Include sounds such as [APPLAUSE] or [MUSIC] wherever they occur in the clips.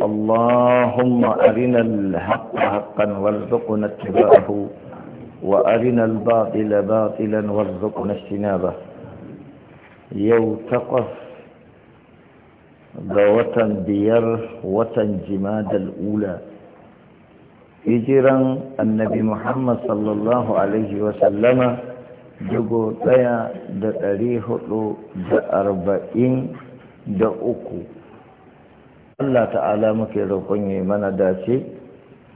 اللهم أرنا الحق حقا وارزقنا اتباعه وأرنا الباطل باطلا وارزقنا اجتنابه يوتقف بوتا بير وتا جماد الأولى هجرا النبي محمد صلى الله عليه وسلم دقو تيا دا أريه دا أربعين دا Allah ta'ala muke roƙon yi mana dace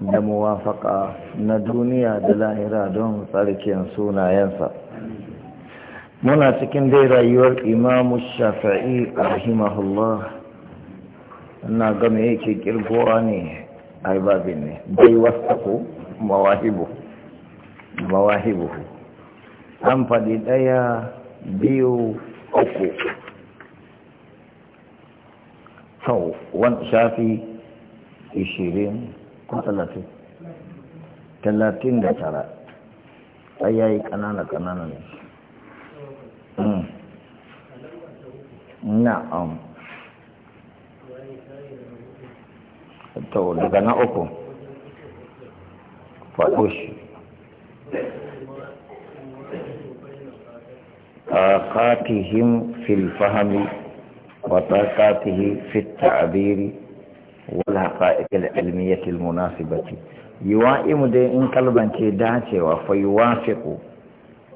da muwafaka na duniya da lahira don tsarkin sunayensa muna cikin dai rayuwar imamu shafi'i rahimahullah na game yake kirgowa ne aibabin ne bai wasaku mawahibu mawahibu an faɗi ɗaya biyu uku to wani shafi ishirin ko talatin talatin da tara ai yayi kanana kanana ne hmm. na'am to daga na uku faɗo shi a katihim fil fahami وطاقاته في التعبير والحقائق العلمية المناسبة يوائم دي إن قلبا داتي وفيوافق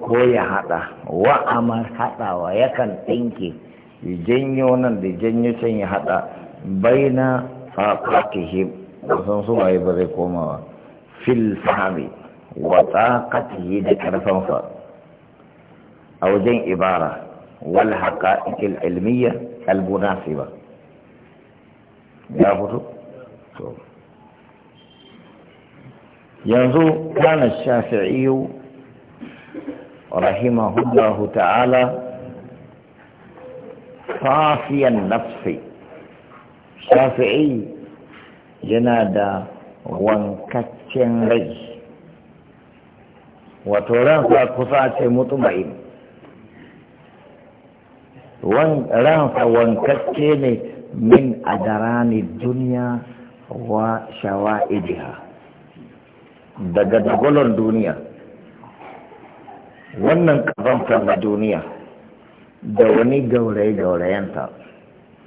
كوي حتى وأمر حتى ويكن إنكي يجنيونا دي جنيوشن هذا بين طاقتهم وسنسوا أي بذيكوما في الفهم وطاقته دي كرفنصر أو جن إبارة والحقائق العلمية almunasi ba ya fito to yanzu kana shafi'iyu rahimahullahu ta'ala safiyan nafsi shafi'i yana da wankaccen rai wato ransa kusa ce mutuma'in Wan ransa wankakke ne min adarani duniya wa shawa'idiha daga dagolon duniya wannan kazantar na duniya da wani gauraye-gaurayenta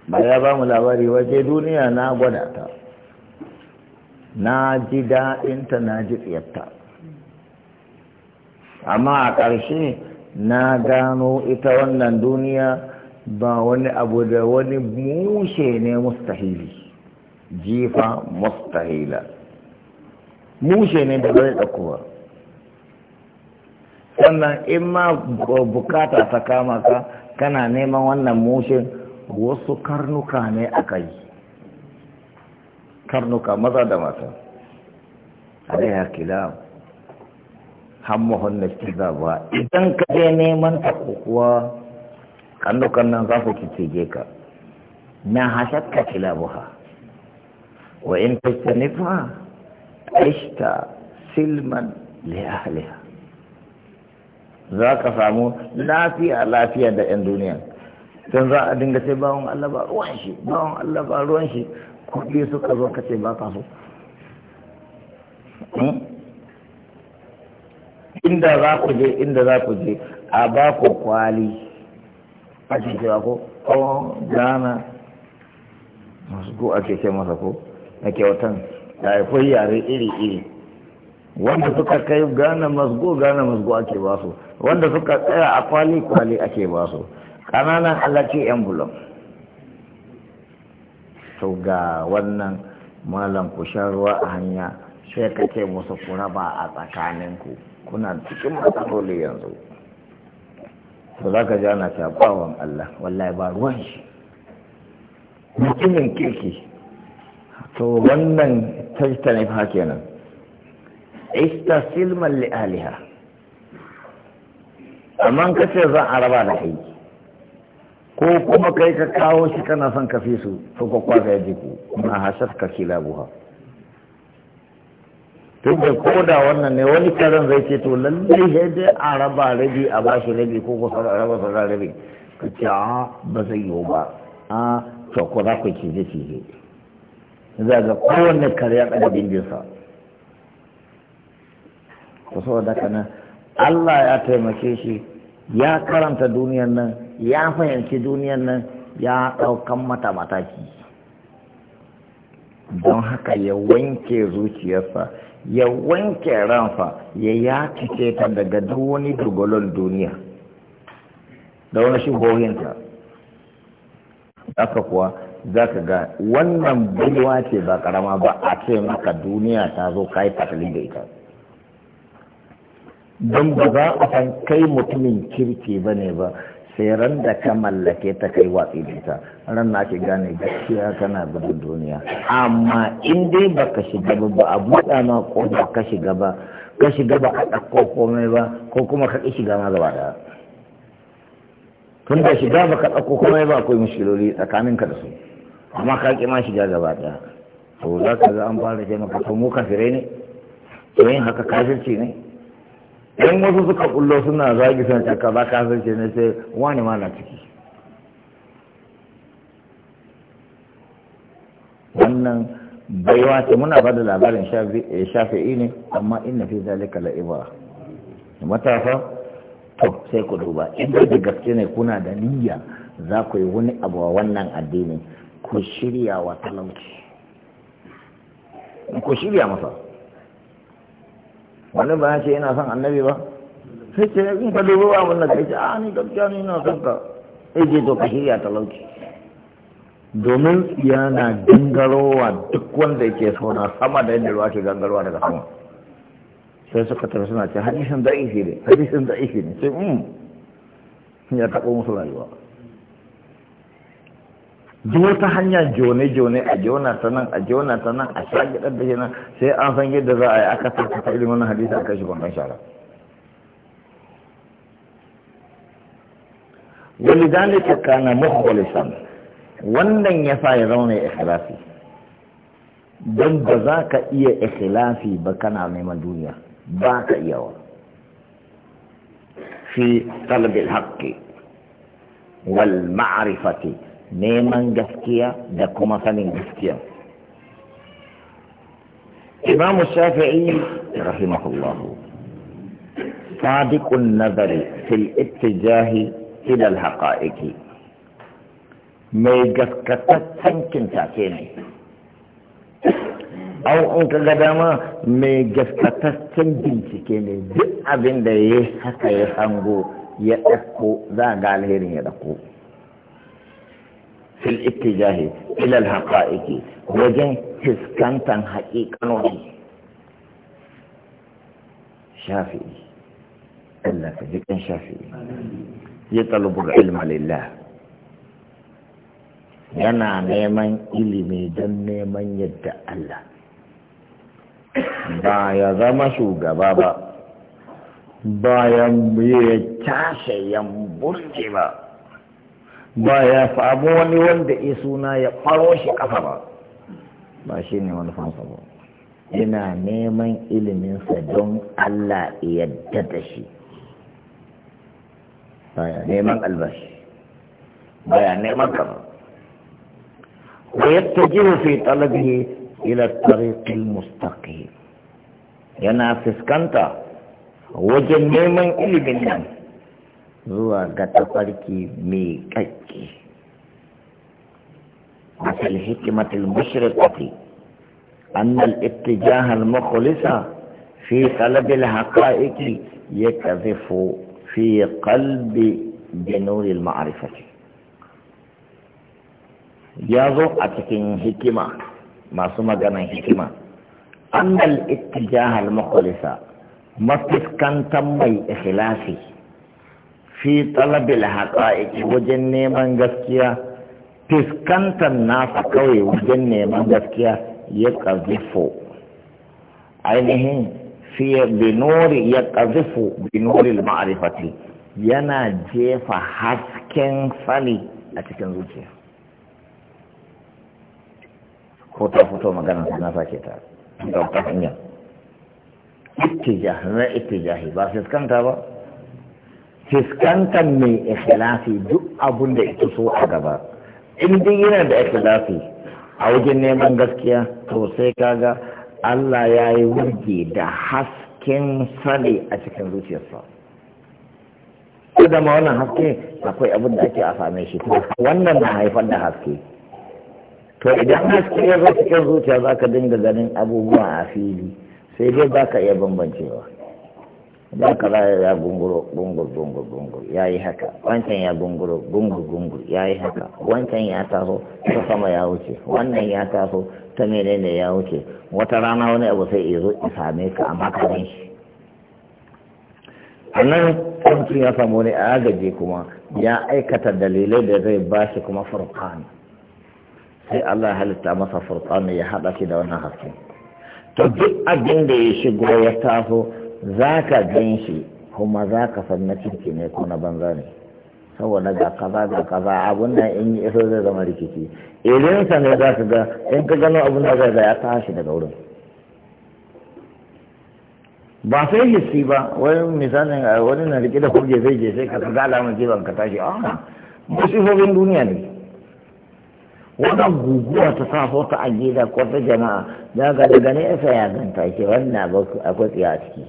ba ya ba mu labari waje duniya na gwada ta na ji daɗinta na ji tsiyarta amma a ƙarshe na gano ita wannan duniya ba wani abu da wani mushe ne mustahili jifa mustahila mushe ne da zai ɗauko ba sannan in ma bukata ta kama ka kana neman wannan mushin wasu karnuka ne aka yi karnuka maza da mata dai hakila hammuhun na shi ba idan ka je neman ta kuwa kannukan nan za su cicije ka na kila kilabuha wa in tajtanifa aishta silman li ahliha za ka samu lafiya lafiya da 'yan duniya don za a dinga sai bawon Allah ba ruwan shi bawon Allah ba ruwan shi kuɗi suka zo ka ce ba ka so hmm? inda za ku je inda za ku je a ba ku kwali ake wa ko ko gana masu ko ake ce masa ko na kyautan ɗaikwai yare iri-iri wanda suka kai gana masgo gana masgo ake ba su wanda suka tsaya a kwali-kwali ake ba su ƙananan alaƙi envelope to ga wannan malam ku sha ruwa a hanya sai ka ce musu ku raba a tsakaninku kuna cikin matsaloli yanzu to za ka ji ana shafawan Allah wallahi ba ruwan shi mutumin kirki to wannan ne fa kenan istasilman li aliha amma ka ce za a raba da kai ko kuma kai ka kawo shi kana son ka fi su to ka kwasa ya jiku ma hashar ka kila kilabuha duk da ko da wannan ne wani karen zai ce to lallai sai dai a raba rabi a bashi rabi ko kusa a raba sauran rabi ka ce a ba zai yiwu ba a to ko za ku cije cije za ga kare ya ɗaga bindinsa da saboda nan Allah ya taimake shi ya karanta duniyar nan ya fahimci duniyar nan ya ɗaukan mata mataki don haka ya wanke zuciyarsa ya wanke ranfa ya ce ta daga duk wani dogolon duniya da wani shigohinta haka kuwa za ka ga wannan bulwa ce ba karama ba a ce maka duniya ta zo kai fatali da ita don ba za a san kai mutumin kirki ba ne ba sai ran da ka mallake ta kai watsi da ita ran na ke gane gaskiya kana gudun duniya amma in dai baka shiga ba ba a buɗa ma ko ba ka shiga ba ka shiga ba a ɗauko komai ba ko kuma ka ƙi shiga ma gaba da tun da shiga ba ka ɗauko komai ba akwai mushkiloli tsakanin ka da su amma ka ƙi ma shiga gaba ɗaya to za ka ga an fara ce maka to mu kafirai ne to yin haka kafirci ne yan wasu suka bullo suna zagi sun ce kaza ka san ce ne sai wani ma na ciki wannan baiwa ce muna ba da labarin eh, shafi'i ne amma inna fi zalika la'ibara matafa to sai ku duba in da gaske ne kuna da niyya za ku yi wani abu a wannan addini ku shirya wa talauci ku shirya masa wani ba ce yana son annabi ba sai ce in ka dubo ba wannan kai ce ah ni gaskiya ni na son ka sai ce to ka shirya talauci domin yana gangarowa duk wanda yake so na sama da yadda ruwa ke gangarowa daga sama sai suka tafi suna ce hadisin da'ifi ne hadisin da'ifi ne sai um ya taɓo musu rayuwa duk wata hanya jone-jone a jona ta nan a jona ta nan a sha da nan sai an san yadda za a yi aka saka ta ilimin hadisi a kashi bangon shara wani ta kana mukhlisan wannan ya sa ya zama mai ikhlasi don ba za ka iya ikhlasi ba kana neman duniya ba ka iya wa fi talabil haƙƙi wal ma'arifati neman gaskiya da kuma sanin gaskiya imam shafi'i rahimahullahu sadiqun nazari fil ittijahi ila al-haqa'iqi mai gaskataccen kintace ne au in ka ga dama mai gaskataccen bincike ne duk abin da ya haka ya hango ya ɗauko za ga alherin ya ɗauko fil ittijahi ilal al haqa'iqi wajen fiskantan haƙiƙanoni shafi'i Allah ka jikin ya ga yana neman ilimi don neman yadda Allah ba ya zama shugaba ba bayan ya tashe ya burge ba ba ya samu wani wanda ya suna ya faro shi kafa ba ba shi ne manufansa ba yana neman iliminsa don Allah yadda da shi baya neman albashi baya neman kama wa yattajihu fi talabihi ila tariqil mustaqim yana fuskanta wajen neman ilimin nan zuwa ga tafarki mai kakki masal hikimatul mushriqati أن الاتجاه المخلص في طلب الحقائق يكذف في قلب جنون المعرفة يازو أتكين حكمة ما سمى جنا حكمة أن الاتجاه المخلص ما تسكن تمي إخلاصي في طلب الحقائق وجن نيمان غسكيا تسكنت الناس قوي وجن نيمان غسكيا يقذف عينه في بنور يقذف بنور المعرفة ينا جيفا حسكن فلي أتكن زوجيا فوتا فوتا مغانا سنة فاكتا دوكتا فنيا اتجاه ما اتجاهي باسس كنتا با, سسكنت با. fiskantar mai ikhlasi duk abun da ita so a gaba in dai yana da ikhlasi a wajen neman gaskiya to sai kaga Allah ya yi wurge da hasken sale a cikin zuciyarsa ko da ma wannan haske akwai abin da ake a same shi wannan na haifar da haske to idan haske ya zo cikin zuciya za dinga ganin abubuwa a fili sai dai baka iya bambancewa da kaza ya gunguro gungur gungur gungur ya yi haka wancan ya gunguro gungur gungur ya yi haka wancan ya taso ta sama ya wuce wannan ya taso ta menene ya wuce wata rana wani abu sai ya zo ya same ka amma ka gan shi a nan ya samu wani agaji kuma ya aikata dalilai da zai ba shi kuma furqan sai Allah ya halitta masa furqan ya haɗa shi da wannan haske to duk abin da ya shigo ya taso za ka gan shi kuma za ka san na kirki ne ko na banza ne saboda ga kaza ga kaza abun da in yi iso zai zama rikici irin sa ne za ka ga in ka gano abun da zai ya tashi daga wurin ba sai hissi ba wani misalin eh, wani na rike da kurje zai je sai ka ga alamar kiban ka tashi a masifofin duniya ne wannan guguwa ta sa ta aje da ko ta jama'a daga daga ne ya ganta ke wannan akwai tsaye a ciki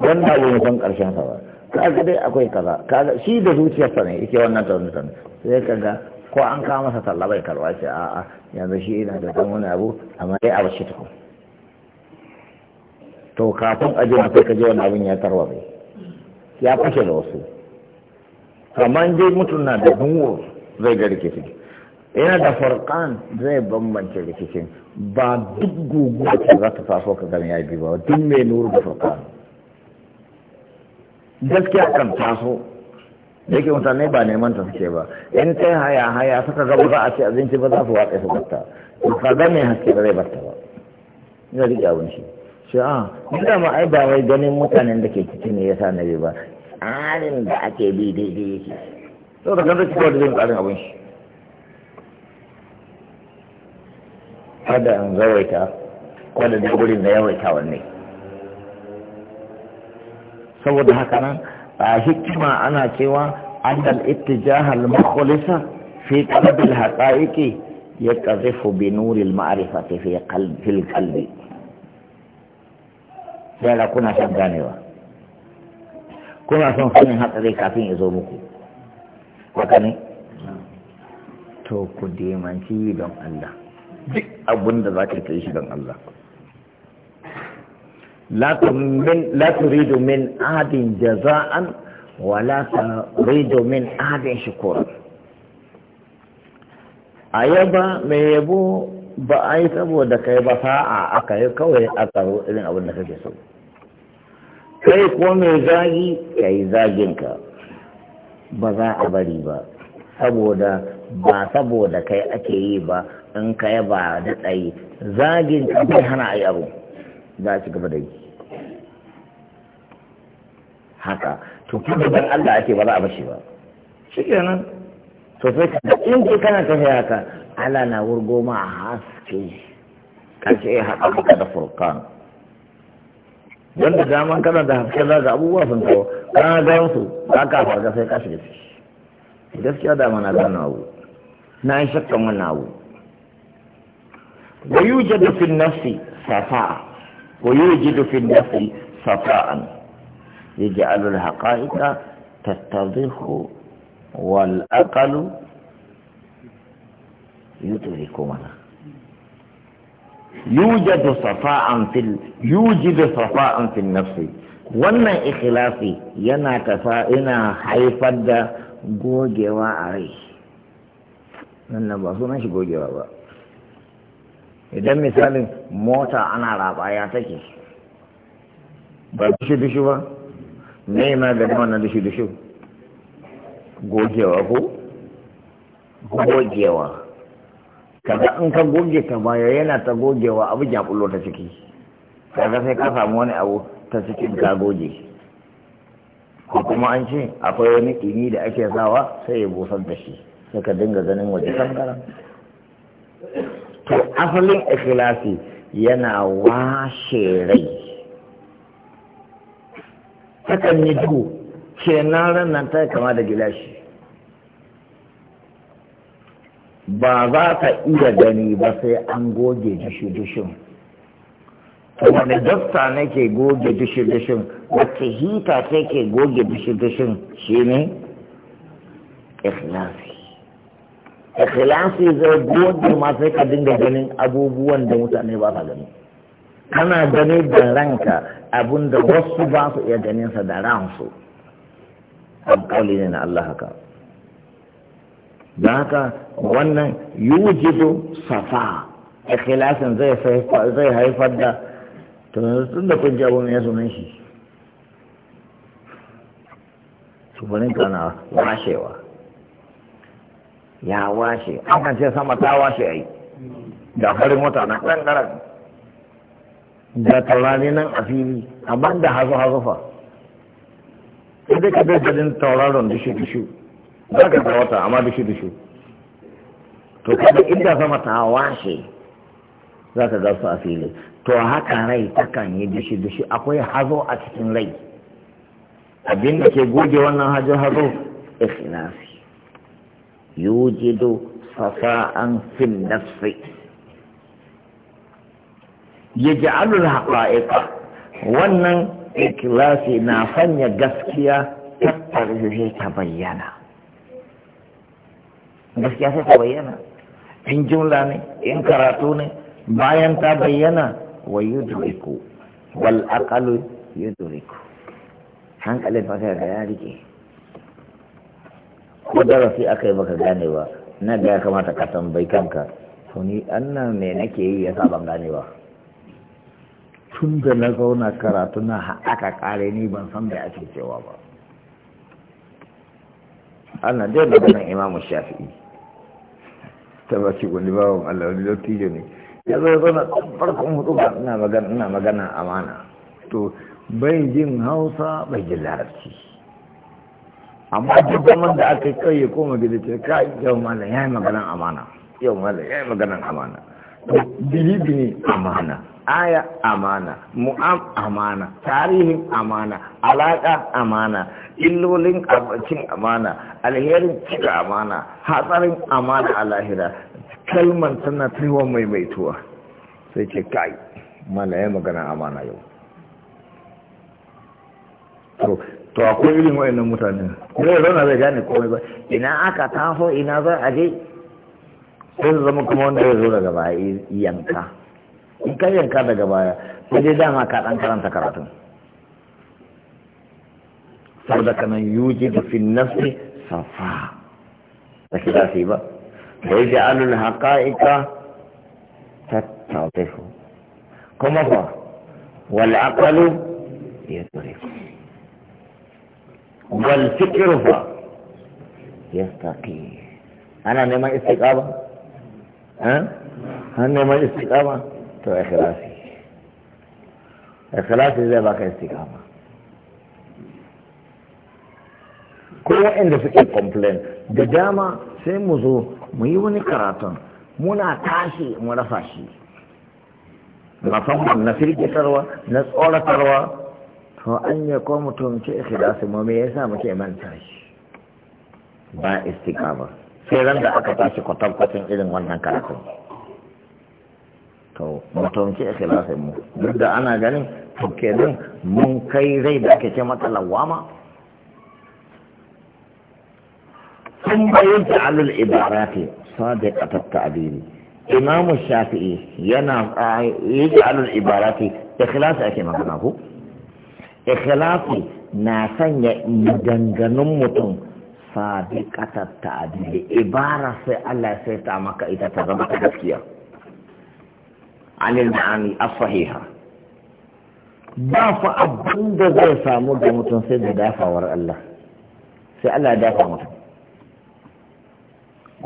don ba mu san karshen sa ba kaga dai akwai kaza kaga shi da zuciyarsa ne yake wannan taunin sa sai kaga ko an kawo masa talla bai karwa ce a a yanzu shi yana da dan wani abu amma dai a bashi tukun to kafin a jima sai ka je wani abin ya tarwa bai ya fashe da wasu amma dai mutum na da dunwo zai ga rikicin yana da farkan zai bambance rikicin ba duk gugu ce za ta faso ka gani ya bi ba duk mai nuru da farkan gaskiya kan taso da yake mutane ba neman ta suke ba in kai haya haya suka ga ba za a ce abinci ba za su watsa su batta to ka ga mai haske ba zai batta ba ina da abin shi shi a ah, ina ma ai ba wai ganin mutanen da ke ciki ne yasa na ba tsarin da ake bi daidai yake to da kan zai cika da tsarin abin shi kada an zawaita kwada da gurin da yawaita wannan saboda haka nan a hikima ana cewa annal ittijah al mukhlisa fi qalb al haqaiqi yaqdhifu bi nur al ma'rifati fi qalbi fil qalbi sai kuna san ganewa kuna son sanin hatsari kafin ya zo muku haka ne to ku demanci don Allah duk abin da za ka yi shi don Allah la turidu min adin jaza'an wa la turidu min adin shukura a yaba mai yabo ba a saboda kai ba sa'a aka yi kawai a tsaro irin abin da kake so kai ko mai zagi ka yi zaginka ba za a bari ba saboda ba saboda kai ake yi ba in ka yaba da tsayi zaginka bai hana a yi abu za a ci gaba da yi haka to kuma dan Allah ake ba za a bashi ba shi kenan to sai ka in ke kana tafiya haka Allah na wurgo ma haske kashe ya haɗa ka eh, da furqan wanda daman kana da haske za ga abubuwa sun kawo kana ga su ba ka farga sai ka shiga ciki gaskiya da mana gano abu na yi shakkan wani abu da yujadu fi nafsi safa'a ويوجد في النفس صفاء يجعل الحقائق تتضح والأقل يدرك منها يوجد صفاء في ال... يوجد صفاء في النفس wannan اخلاصي ينا كفائنا ina haifar da عليه. a rai wannan ba idan misalin mota ana raba ya take ba dushi-dushi ba ne na gani wannan dushi-dushi gogewa ko gogewa Kada in ka goge ka baya yana ta gogewa abu ya bullo ta ciki kaga sai ka samu wani abu ta cikin ka goge ko kuma an ce akwai wani ɗini da ake sawa sai ya busar da shi sai ka dinga ganin waje kankaran to asalin ikhlasi yana washe rai takan yi duhu kenan na ranar ta kama da gilashi ba za ka iya gani ba sai an goge dushe-dushen to wani dasta ne ke goge dushe-dushen wacce hita ce ke goge dushe-dushen shi ne ikhlasi ikhlasi zai gode ma sai ka dinga ganin abubuwan da mutane ba sa gani kana gani da ranka abun da wasu ba su iya ganin sa da ransu alƙawli ne na Allah haka da haka wannan yujidu safa ikhlasin zai zai haifar da tun da kun ji ne ya sunan shi tubanin kana washewa ya washe an kan ce sama ta washe ai da farin mota na ƙanƙarar da taurari nan a fili amma da hazo hazo fa idan ka bai garin tauraron dushe dushe za ka ga wata amma dushe dushe to kada inda sama ta washe za ka ga su a fili to haka rai takan yi dushe dushe akwai hazo a cikin rai abin da ke goge wannan hajo hazo ikhlasi yujidu fin fil nafsi yaj'alul haqa'iq wannan ikhlasi na sanya gaskiya tattarhe ta bayyana gaskiya sai ta bayyana in jumla ne in karatu ne bayan ta bayyana wa yudriku wal aqalu yudriku hankalin fa ga ya rike ko darasi aka yi baka gane ba na ga ya kamata ka tambayi kanka to ni annan me nake yi ya sa ban gane ba tun da na zauna karatu na aka kare ni ban san da ake cewa ba ana dai ganin imamu shafi'i ta ba shi wani bawon Allah wani dattijo ne ya zo ya zauna farkon hudu ba ina magana amana to bai jin hausa bai jin larabci amma duk wanda da aka kai ya koma gida ce kai yau malam ya yi maganan amana yau malam ya yi maganan amana bilibini amana aya amana mu'am amana tarihin amana alaka amana illolin abacin amana alherin cika amana hatsarin amana a lahira kalman tana taiwa maimaituwa sai ce kai malam ya magana amana yau to akwai irin wa'annan mutane ya zauna zai gane komai ba ina aka taso ina za a je sai su zama kuma wanda zai zo daga baya yanka in ka yanka daga baya sai dai dama ka dan karanta karatun saboda kanan yuji da fin safa da ki zafi ba da yaji alul ta tattautefu kuma fa wal aqalu ya turefu wal fikru fa yastaqi ana neman istiqama ha an neman istiqama to ikhlasi ikhlasi zai baka istiqama ko waɗanda suke complain da dama sai mu zo mu yi wani karatun muna tashi mu rafa shi musamman na firgitarwa na tsoratarwa fa an yi ko mutum ce ikhlasu ma me yasa muke manta shi ba istiqama sai ran da aka tashi kwatankwacin irin wannan karatun to mutum ce ikhlasin mu duk da ana ganin to kenan mun kai rai da ake ce mata lawama sun bayan ta'alul ibarati sadiqa tatta'dili imamu shafi'i yana yaj'alul ibarati ikhlas ake magana ko ikhlasi na sanya maganganun mutum sadiqatar ta'adili ibara sai Allah sai ta maka ita ta zama ta gaskiya anil ma'ani as-sahiha ba fa abin da zai samu da mutum sai da dafawar Allah sai Allah ya dafa mutum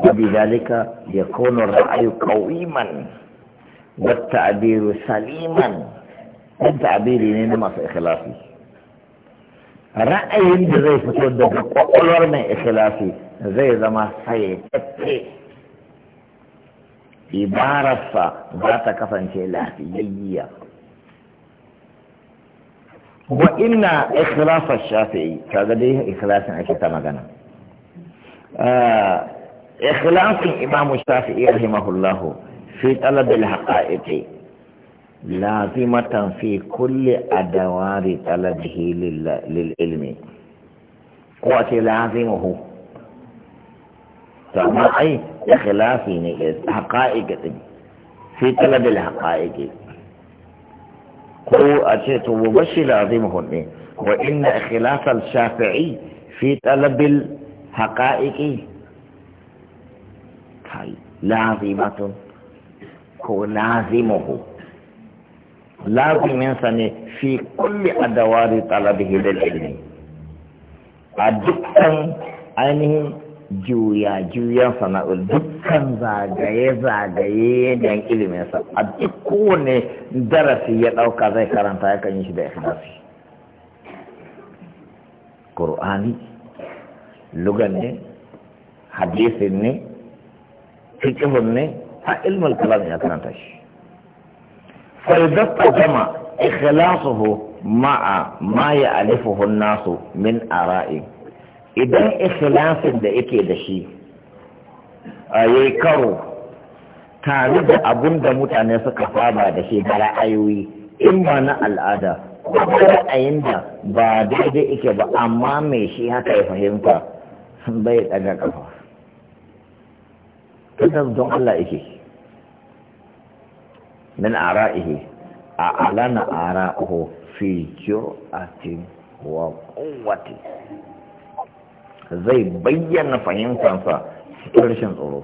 وبذلك يكون الرأي قويما والتعبير سليما التعبير لنا ما في إخلاصي ra'ayin da zai fito daga kwakwalwar mai ikhlasi zai zama sayyace ibararsa za ta kasance lafiyayya wa inna ikhlasa shafi'i kaga dai ikhlasin ake ta magana ikhlasin imamu shafi'i rahimahullahu fi talabil haqa'iqi لازمة في كل أدوار طلبه للعلم قوات لازمه فما أي خلاف يعني حقائق في طلب الحقائق قو أتيت لازمه وإن خلاف الشافعي في طلب الحقائق طيب، لازمة هو لازمه laziminsa ne fi kulli adawari talabihi da ilmi a dukkan ainihin juya juyan sana'ul dukkan zagaye zagaye da sa a duk kowane darasi ya ɗauka zai karanta ya kan yi shi da ikhlasi qur'ani lugan ne hadisin ne fiqhun ne ha ilmul kalam ya karanta shi فإذا استجمع إخلاصه مع ما يألفه الناس من آرائه idan ikhlasin da yake da shi a yi karo tare da abun da mutane suka saba da shi da ra'ayoyi in ba na al'ada ko ra'ayin da ba daidai yake ba amma mai shi haka ya fahimta bai daga kafa tunda don Allah yake min ara'ihi a alana ara'uhu fi jur'atin wa zai bayyana fahimtansa cikin rashin tsoro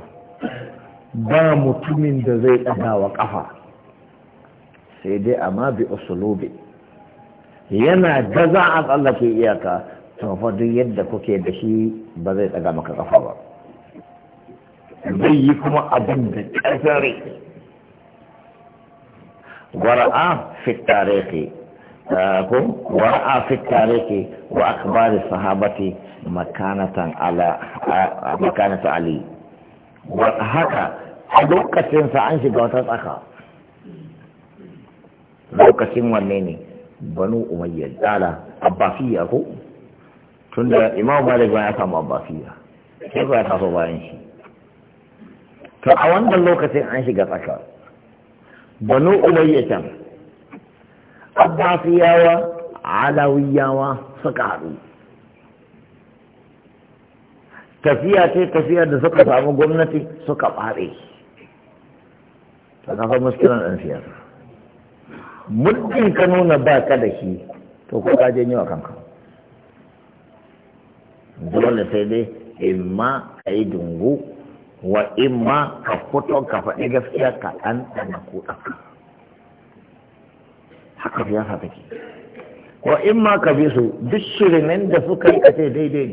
ba mutumin da zai wa ƙafa sai dai amma bi usulubi yana da za a tsallake iyaka tofa duk yadda kuke da shi ba zai ɗaga maka ƙafa ba zai yi kuma abin da ƙasare wara'a fi tarihi ah, ko wara'a fi tarihi wa akbari sahabati makanatan ala makanatan ali haka a lokacin sa an shiga wata tsaka lokacin wanne ne banu umayya dala abbasiya ko tunda imam malik ba ya samu abbasiya ya ba ya taso bayan shi to a wannan lokacin an shiga tsaka banu umayya can abbasiyawa alawiyawa suka haɗu tafiya ce tafiya da suka samu gwamnati suka ɓare ta kafa muskilan ɗan siyasa Mulkin ka nuna ba ka da shi to ko ka janyo a kanka dole sai dai imma ka yi dungu wa ma ka fito ka faɗi gaskiya ka ɗan ɗana ko ɗaka haka siyasa take wa ma ka bi su duk shirinin da suka yi kace daidai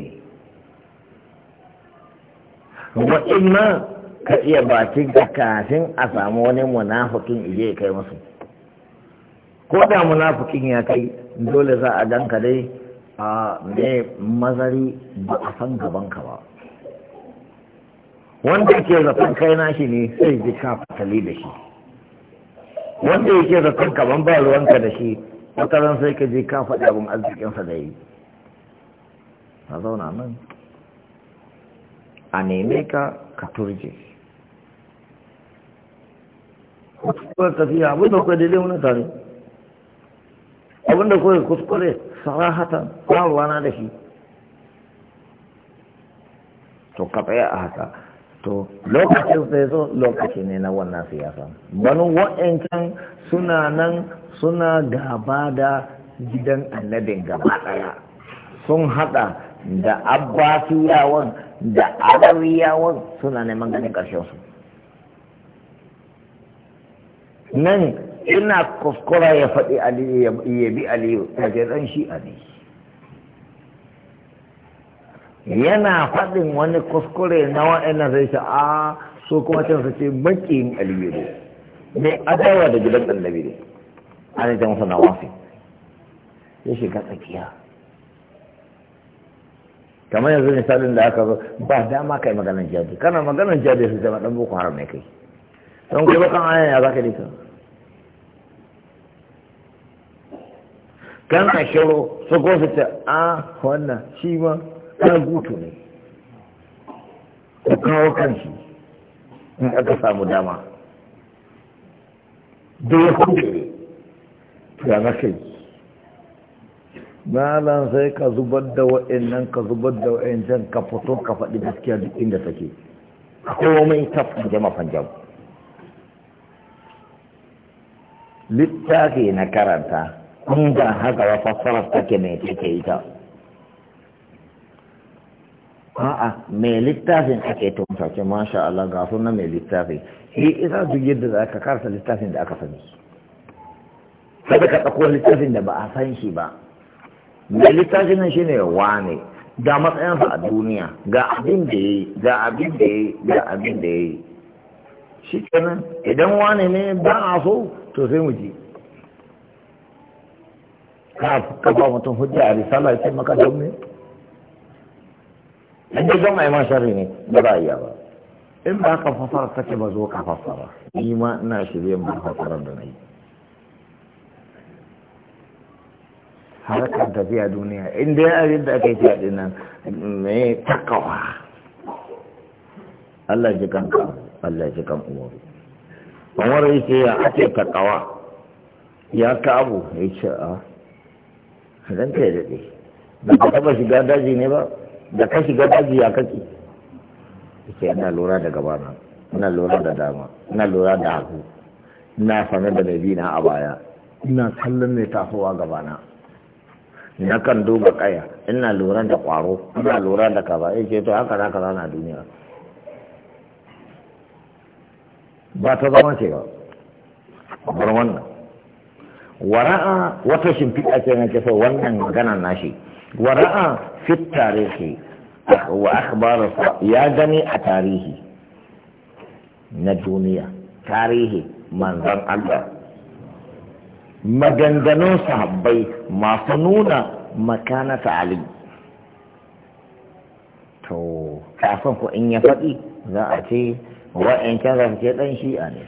ne wa ma ka iya bakin ka kafin a samu wani munafukin iya kai musu ko da munafukin ya kai dole za a danka dai a ne mazari ba a san gabanka ba wanda yake zaton kai na shi ne sai ji ka fatali da shi wanda yake zaton kaman ba ruwanka da shi wata sai ka je ka faɗi abin arzikinsa da yi a zauna nan a neme ka ka turje kuskuren tafiya abin da kuwa daidai wani tare abin da kuwa kuskure sarahatan kwarwana da shi to ka tsaya a haka to lokacin sai zo lokaci ne na wannan siyasa banu wa'ancan suna nan suna gaba da gidan annabin gaba daya sun hada da abbasiyawan da arabiyawan suna neman ganin karshensu su nan ina kuskura ya faɗi aliyu ya bi aliyu ta dan shi aliyu yana faɗin wani kuskure na wa'annan zai ce a so kuma can su ce yin aliyu ne a adawa da gidan annabi ne an yi masa na wafi ya shiga tsakiya kamar yanzu misalin da aka zo ba dama kai maganar jihadi kana maganar jihadi su zama ɗan boko haram ne kai don kai bakan ayan ya zaka Kan kana shiro su ko su ce a wannan shi ma ɗagutu ne ku kawo kanshi in aka samu dama da ya kuɗe ya na ka malam sai ka zubar da wa'in nan ka zubar da wa'in can ka fito ka faɗi gaskiya duk inda take komai ta fanjama fanjam littafi na karanta da haka wa fassara take mai take ita a'a mai littafin ake tumta ce masha Allah ga sunan mai littafin shi isa duk yadda za ka karsa littafin da aka sani kada ka tsako littafin da ba a san shi ba mai littafin nan shine wane ga matsayansa a duniya ga abin da yi ga abin da yi ga abin da yi shi kenan idan wane ne ba a so to sai mu ji ka kafa mutum hujja a risala ya ce maka don ne in ka gama ma sharri ne ba za a iya ba in ba ka fasara take ba zo ka fasara ni ma ina shirye mu fasarar da nayi harkar tafiya duniya in dai a yadda aka yi fiyaɗe nan mai takawa Allah ji ka, Allah ji kan umaru umaru ya ce ya ake takawa ya abu ya ce a zan kai daɗe ba ka taɓa shiga daji ne ba da ka shiga daji ya kake ke ina lura da gabana ina lura da dama ina lura da hagu ina sanar da mai bina a baya ina kallon mai tasowa gabana na kan duba kaya ina lura da kwaro ina lura da kaza ce to haka na kaza na duniya ba ta zama ce ba bar wannan wara'a wata shimfiɗa ce na so wannan magana nashi wara'a fitare shi. wa akhbararsa ya gani a tarihi na duniya tarihi manzan Allah maganganun sahabbai masu nuna makanata Ali to kafin ku in ya faɗi za a ce wa'yancan dan ɗan shi'a ne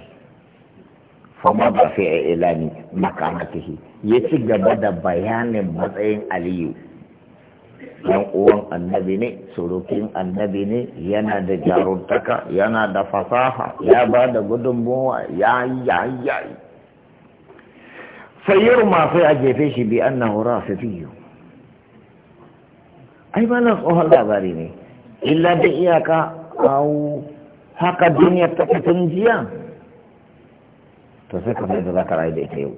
fama ba fi a ilani makamatihi ya ci gaba da bayanin matsayin aliyu yan uwan annabi ne surukin annabi ne yana da jaruntaka yana da fasaha ya ba da gudunmowa ya yi ya yi ya yi sayyar masu ya jefe shi bi an na hura su yi. ai ba na tsohon labari ne illa da iyaka kawo haka duniyar ta jiya to sai kamar da za ka rayu da ita yau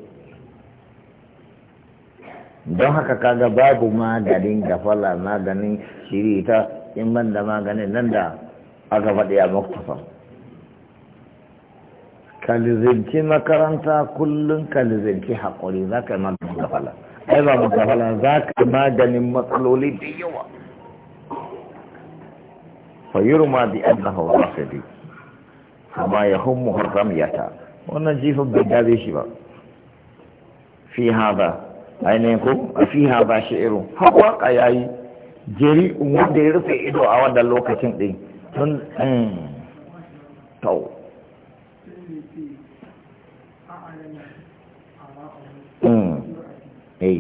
don haka kaga babu maganin gafala maganin shiri ta in ban da maganin nan da aka faɗi a muktafa kalizinci makaranta kullum kalizinci haƙuri za ka yi maganin gafala ai ba gafala za ka yi maganin matsaloli da yawa ma bi annahu bi amma ya hummu yata wannan jifin bai dare shi ba fi hada ainihin ko a fiha ba shi irin haƙwaƙa ya yi jeri wanda ya rufe ido a wannan lokacin ɗin tun mm, tau mm, Eje?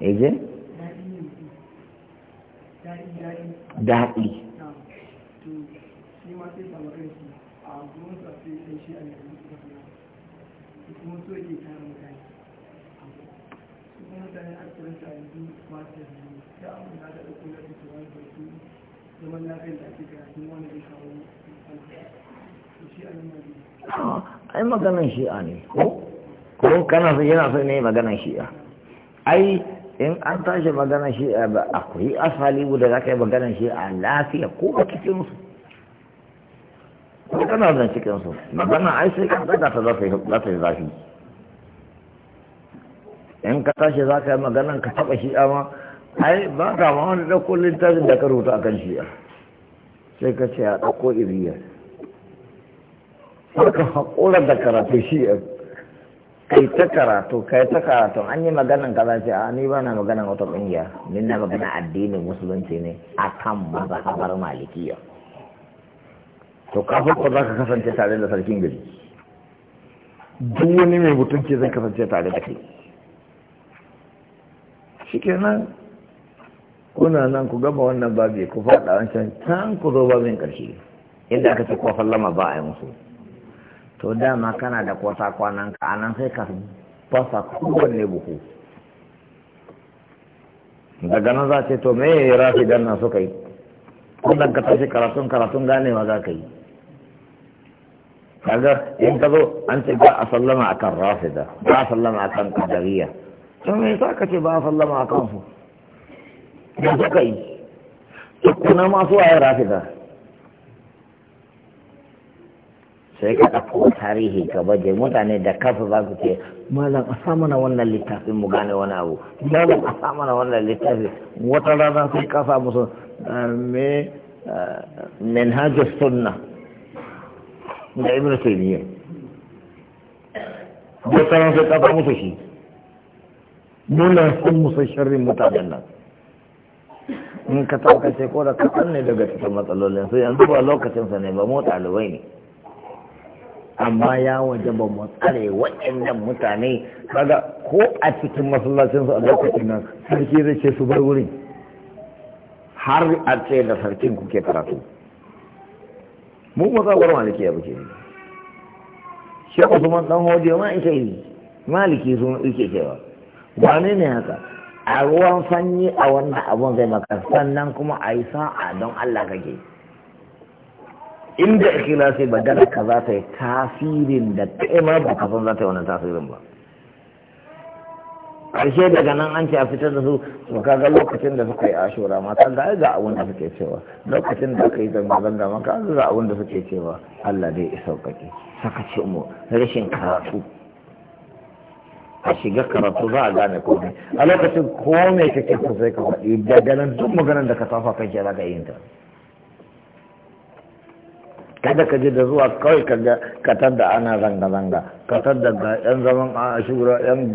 Eh, eh. eh, Daɗi. ai maganan shi'a ne ko kana su yana so ne maganan shi'a ai in an tashi maganan shi'a ba akwai asali guda za ka yi maganan shi'a lafiya ko a cikinsu ko kana zan cikinsu magana ai sai kan daga ta za ta yi zafi in ka tashi za ka yi maganan ka taba shi'a ma ai ba ka ma wani ɗauko littafin da ka rubuta akan shi'a sai ka ce a ɗauko sai ka haƙura da karatu shi'a kai ta karatu kai ta karatu an yi maganan kaza za a ni ba na maganan wata ƙungiya ni na magana addinin musulunci ne a kan mazhabar malikiya to ka ko za ka kasance tare da sarkin gari duk wani mai mutunci zai kasance tare da kai shikenan kuna nan ku gama wannan babi ku faɗa wancan can ku zo babin ƙarshe inda aka ce kofar lama ba a yi musu to dama kana da kwata kwanan ka a nan sai ka fasa kowanne buhu daga nan za ce to me ya rafi dan na suka yi kullum ka tashi karatun karatun ganewa za ka yi kaga in ka zo an ce ba a sallama akan rafida ba a sallama akan kadariya sun mai sa ka ce ba a sallama a kansu da suka yi tukuna masu waye rafida sai ka ɗauko tarihi ka baje mutane da kafa za su ce malam a sa mana wannan littafin mu gane wani abu malam a sa mana wannan littafin wata rana sai ka sa musu ah, me ah, manhajar sunna da ibn taymiyyah wata rana sai ka sa musu shi muna sun musu shirin mutanen nan in ka taukace ko da kaɗan ne daga cikin matsalolin su yanzu ba sa ne ba mu ɗalibai ne amma ya waje ba mu tsare waɗannan mutane kaga ko a cikin masallacin su a lokacin nan sarki zai ce su bar wurin har a ce da sarkin kuke karatu mu matsawar maliki ya buke ne shi usman dan hodiyo ma ita yi maliki sun ike cewa wane ne haka a ruwan sanyi a wannan abun zai maka sannan kuma a yi sa'a don Allah kake inda sai magana ka za ta yi tasirin da kai ma ba ka san za ta yi wannan tasirin ba karshe daga nan an ce a fitar da su to kaga lokacin da suka yi ashura ma ka ga ga abin da suke cewa lokacin da aka yi zanga zanga ma ka ga abin da suke cewa Allah dai ya sauƙaƙe sakace mu rashin karatu a shiga karatu za a gane komai a lokacin komai ka so sai ka faɗi da ganin duk maganar da ka safa kan shi za ka yin ta kada ka je da zuwa kawai ka ga katar da ana zanga-zanga katar da ga yan zaman a shugura yan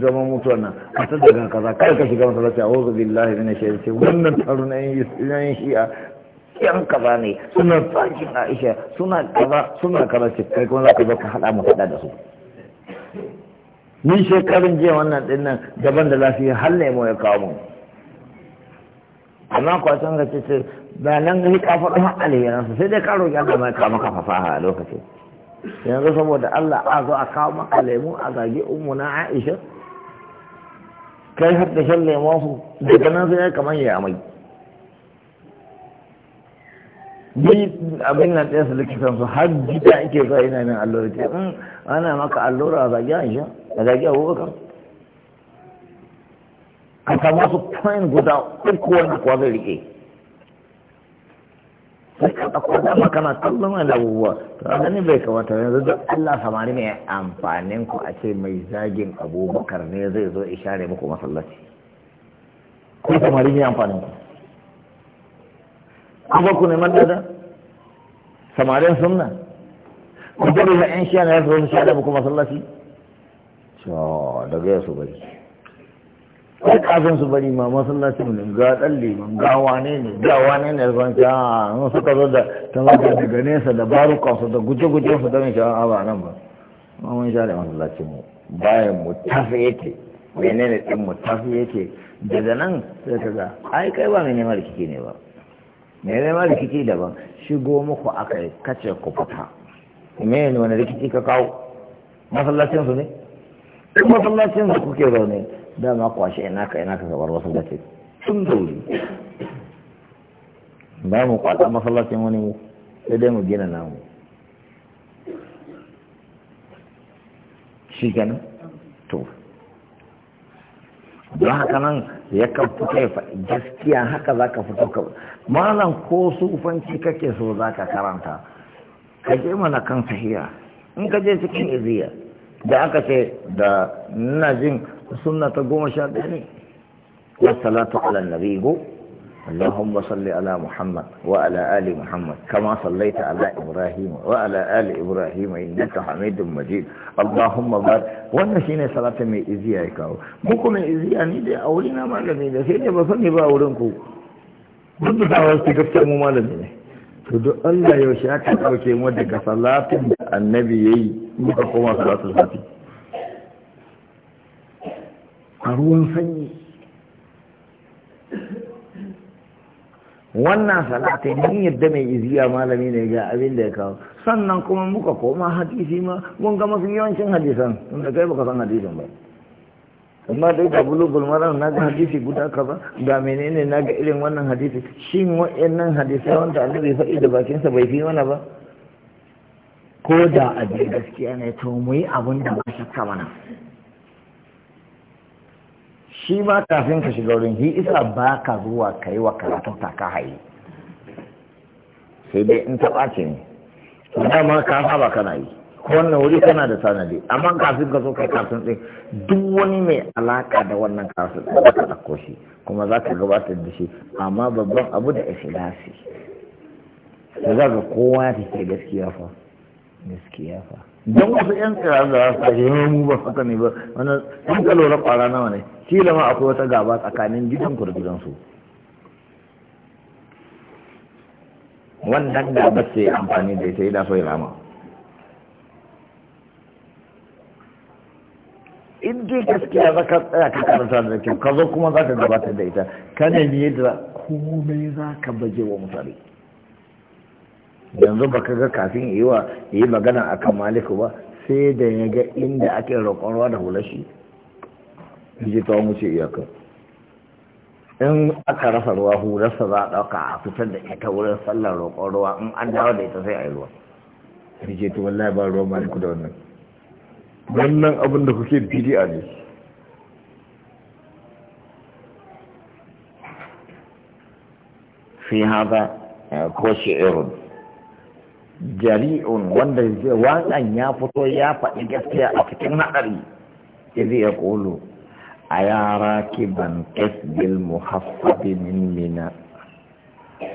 zaman mutuwa na katar da ga kaza kawai ka shiga masallaci a wuzu billahi min shi ce wannan taron yin shi'a yan kaza ne suna tsakin aisha suna kaza suna kaza ce kai kuma za ka zo ka haɗa mu faɗa da su min shekarun jiya wannan din nan daban da lafiya har mu ya kawo mu amma kwa can ga ce ba nan gani ka faɗo har alheransu sai dai ka roƙi Allah mai kawo maka fasaha a lokacin yanzu saboda Allah a zo a kawo maka lemu a zage ummu na Aisha kai har da shan lemon su daga nan sai kamar ya amai bi abin nan ɗaya su likitan su har gida ake zuwa ina nan allura ce mm, ana maka allura a zage Aisha ka zagi abubakar ka samu guda uku wanda kuwa sai ka ɗauko dama kana kallon wani abubuwa a bai kamata yanzu don Allah samari mai amfanin ku a ce mai zagin abubakar ne zai zo ishare muku masallaci ko samari mai amfanin ku kuma ku neman dada samarin sunna ku bari da 'yan share muku masallaci cewa daga ya su bari wani kafin su bari ma masallacin ne ga ɗan ga wane ne ga wane ne da kwanci An nan suka zo da tamata daga nesa da baruka su da guje-guje su don sha a ba nan ba ma sha da masallacin mu bayan mu tafi yake ne ɗin mu tafi yake daga nan sai ka ga ai kai ba mai neman rikici ne ba mai neman rikici daban shigo muku aka yi kace ku fita Mene ne wani rikici ka kawo masallacin su ne duk masallacin da kuke zaune dama kwashe ina ka ina ka sabar masallaci sun zauri ba mu kwata masallacin wani mu sai dai mu gina namu shi kenan to don haka nan ya kan fito ya faɗi gaskiya haka za ka fito ka malam ko sufanci kake so za ka karanta ka je mana kan sahiya in ka je cikin iziyar da aka ce da ina jin suna ta goma sha ɗaya ne wasalatu ala nabi go اللهم Muhammad على محمد وعلى آل محمد كما ala على إبراهيم وعلى آل إبراهيم إنك حميد مجيد اللهم بارك wannan shine salatin mai iziya ya kawo mu kuma iziya ni dai a aure na malami da sai ne ba sani ba wurin ku duk da tawa su gaske mu malami ne to duk Allah yaushe aka dauke mu daga salatin da annabi yayi muka koma salatul fati a ruwan sanyi wannan salata mun yadda mai iziya malami ne ga abin da ya kawo sannan kuma muka koma hadisi ma mun ga mafi yawancin hadisan tunda kai baka san hadisin ba amma dai ga bulugul maran na ga hadisi guda kaza ga menene na ga irin wannan hadisi shin wa'annan hadisai wanda annabi faɗi da bakinsa bai fi mana ba ko da abin gaskiya ne to mu yi abin da ba shakka mana shi ma kafin ka shiga wurin hi isa ba ka zuwa ka yi wa karatun ta ka haye sai dai in ta ɓace ne to ma ka ba kana yi ko wannan wuri kana da sanadi amma kafin ka zo kai kafin ɗin duk wani mai alaka da wannan kafin ɗin ka ɗauko shi kuma za ka gabatar da shi amma babban abu da ikhlasi da za ka kowa ya take gaskiya fa gaskiya fa don wasu yan tsira da za su yi eh, mu ba haka ne ba wani an ka kwara nawa ne kila ma akwai wata gaba tsakanin gidan ku da gidan su wannan da ba sai amfani da ita idan so ya rama in dai gaskiya za ka tsaya ka karanta da kyau ka zo kuma za ka gabatar da ita ka nemi yadda komai za ka baje wa mutane yanzu ba ka ga kafin yi wa yi magana a kan maliku ba sai da ya ga inda ake roƙon ruwa da hulashi ji ta wuce iyaka. in aka rasa ruwa hularsa za a ɗauka a fitar da ita wurin sallar roƙon ruwa in an dawo da ita sai a yi ruwa ji ta tuwon ba ruwan maliku da wannan wannan abin da kuke bidi'a ne fi haɗa eh, ko irin. jari'un wanda wannan ya fito ya faɗi gaskiya a cikin haɗari izi ya ƙolo a yara kiban ƙasbil muhaffafi min mina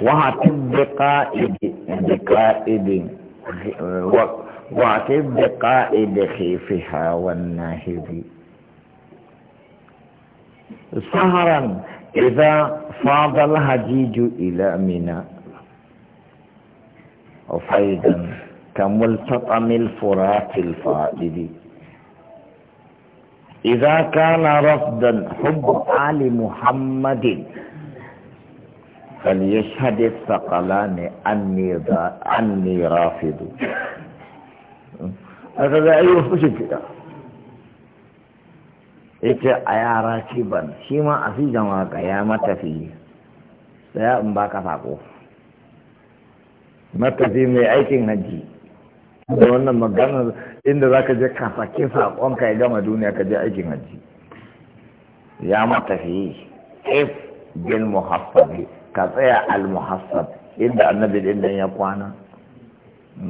wahatin da ƙa'idin wahatin da ƙa'idin hefi hawan nahiri saharan idan fadal hajiju ila mina وفيدا كملتطم الفرات الفائد إذا كان رفضا حب آل محمد فليشهد الثقلان أني, أني رافض هذا أيوه مش كده yace أيا راكبا kiban shi ma a fi jama'a ya matafi matafi mai aikin hajji da wannan magana, inda za ka je ka a saƙonka ya gama duniya ka je aikin hajji ya matafi if bin muhassab ka tsaya al-muhassab inda annabi din nan ya kwana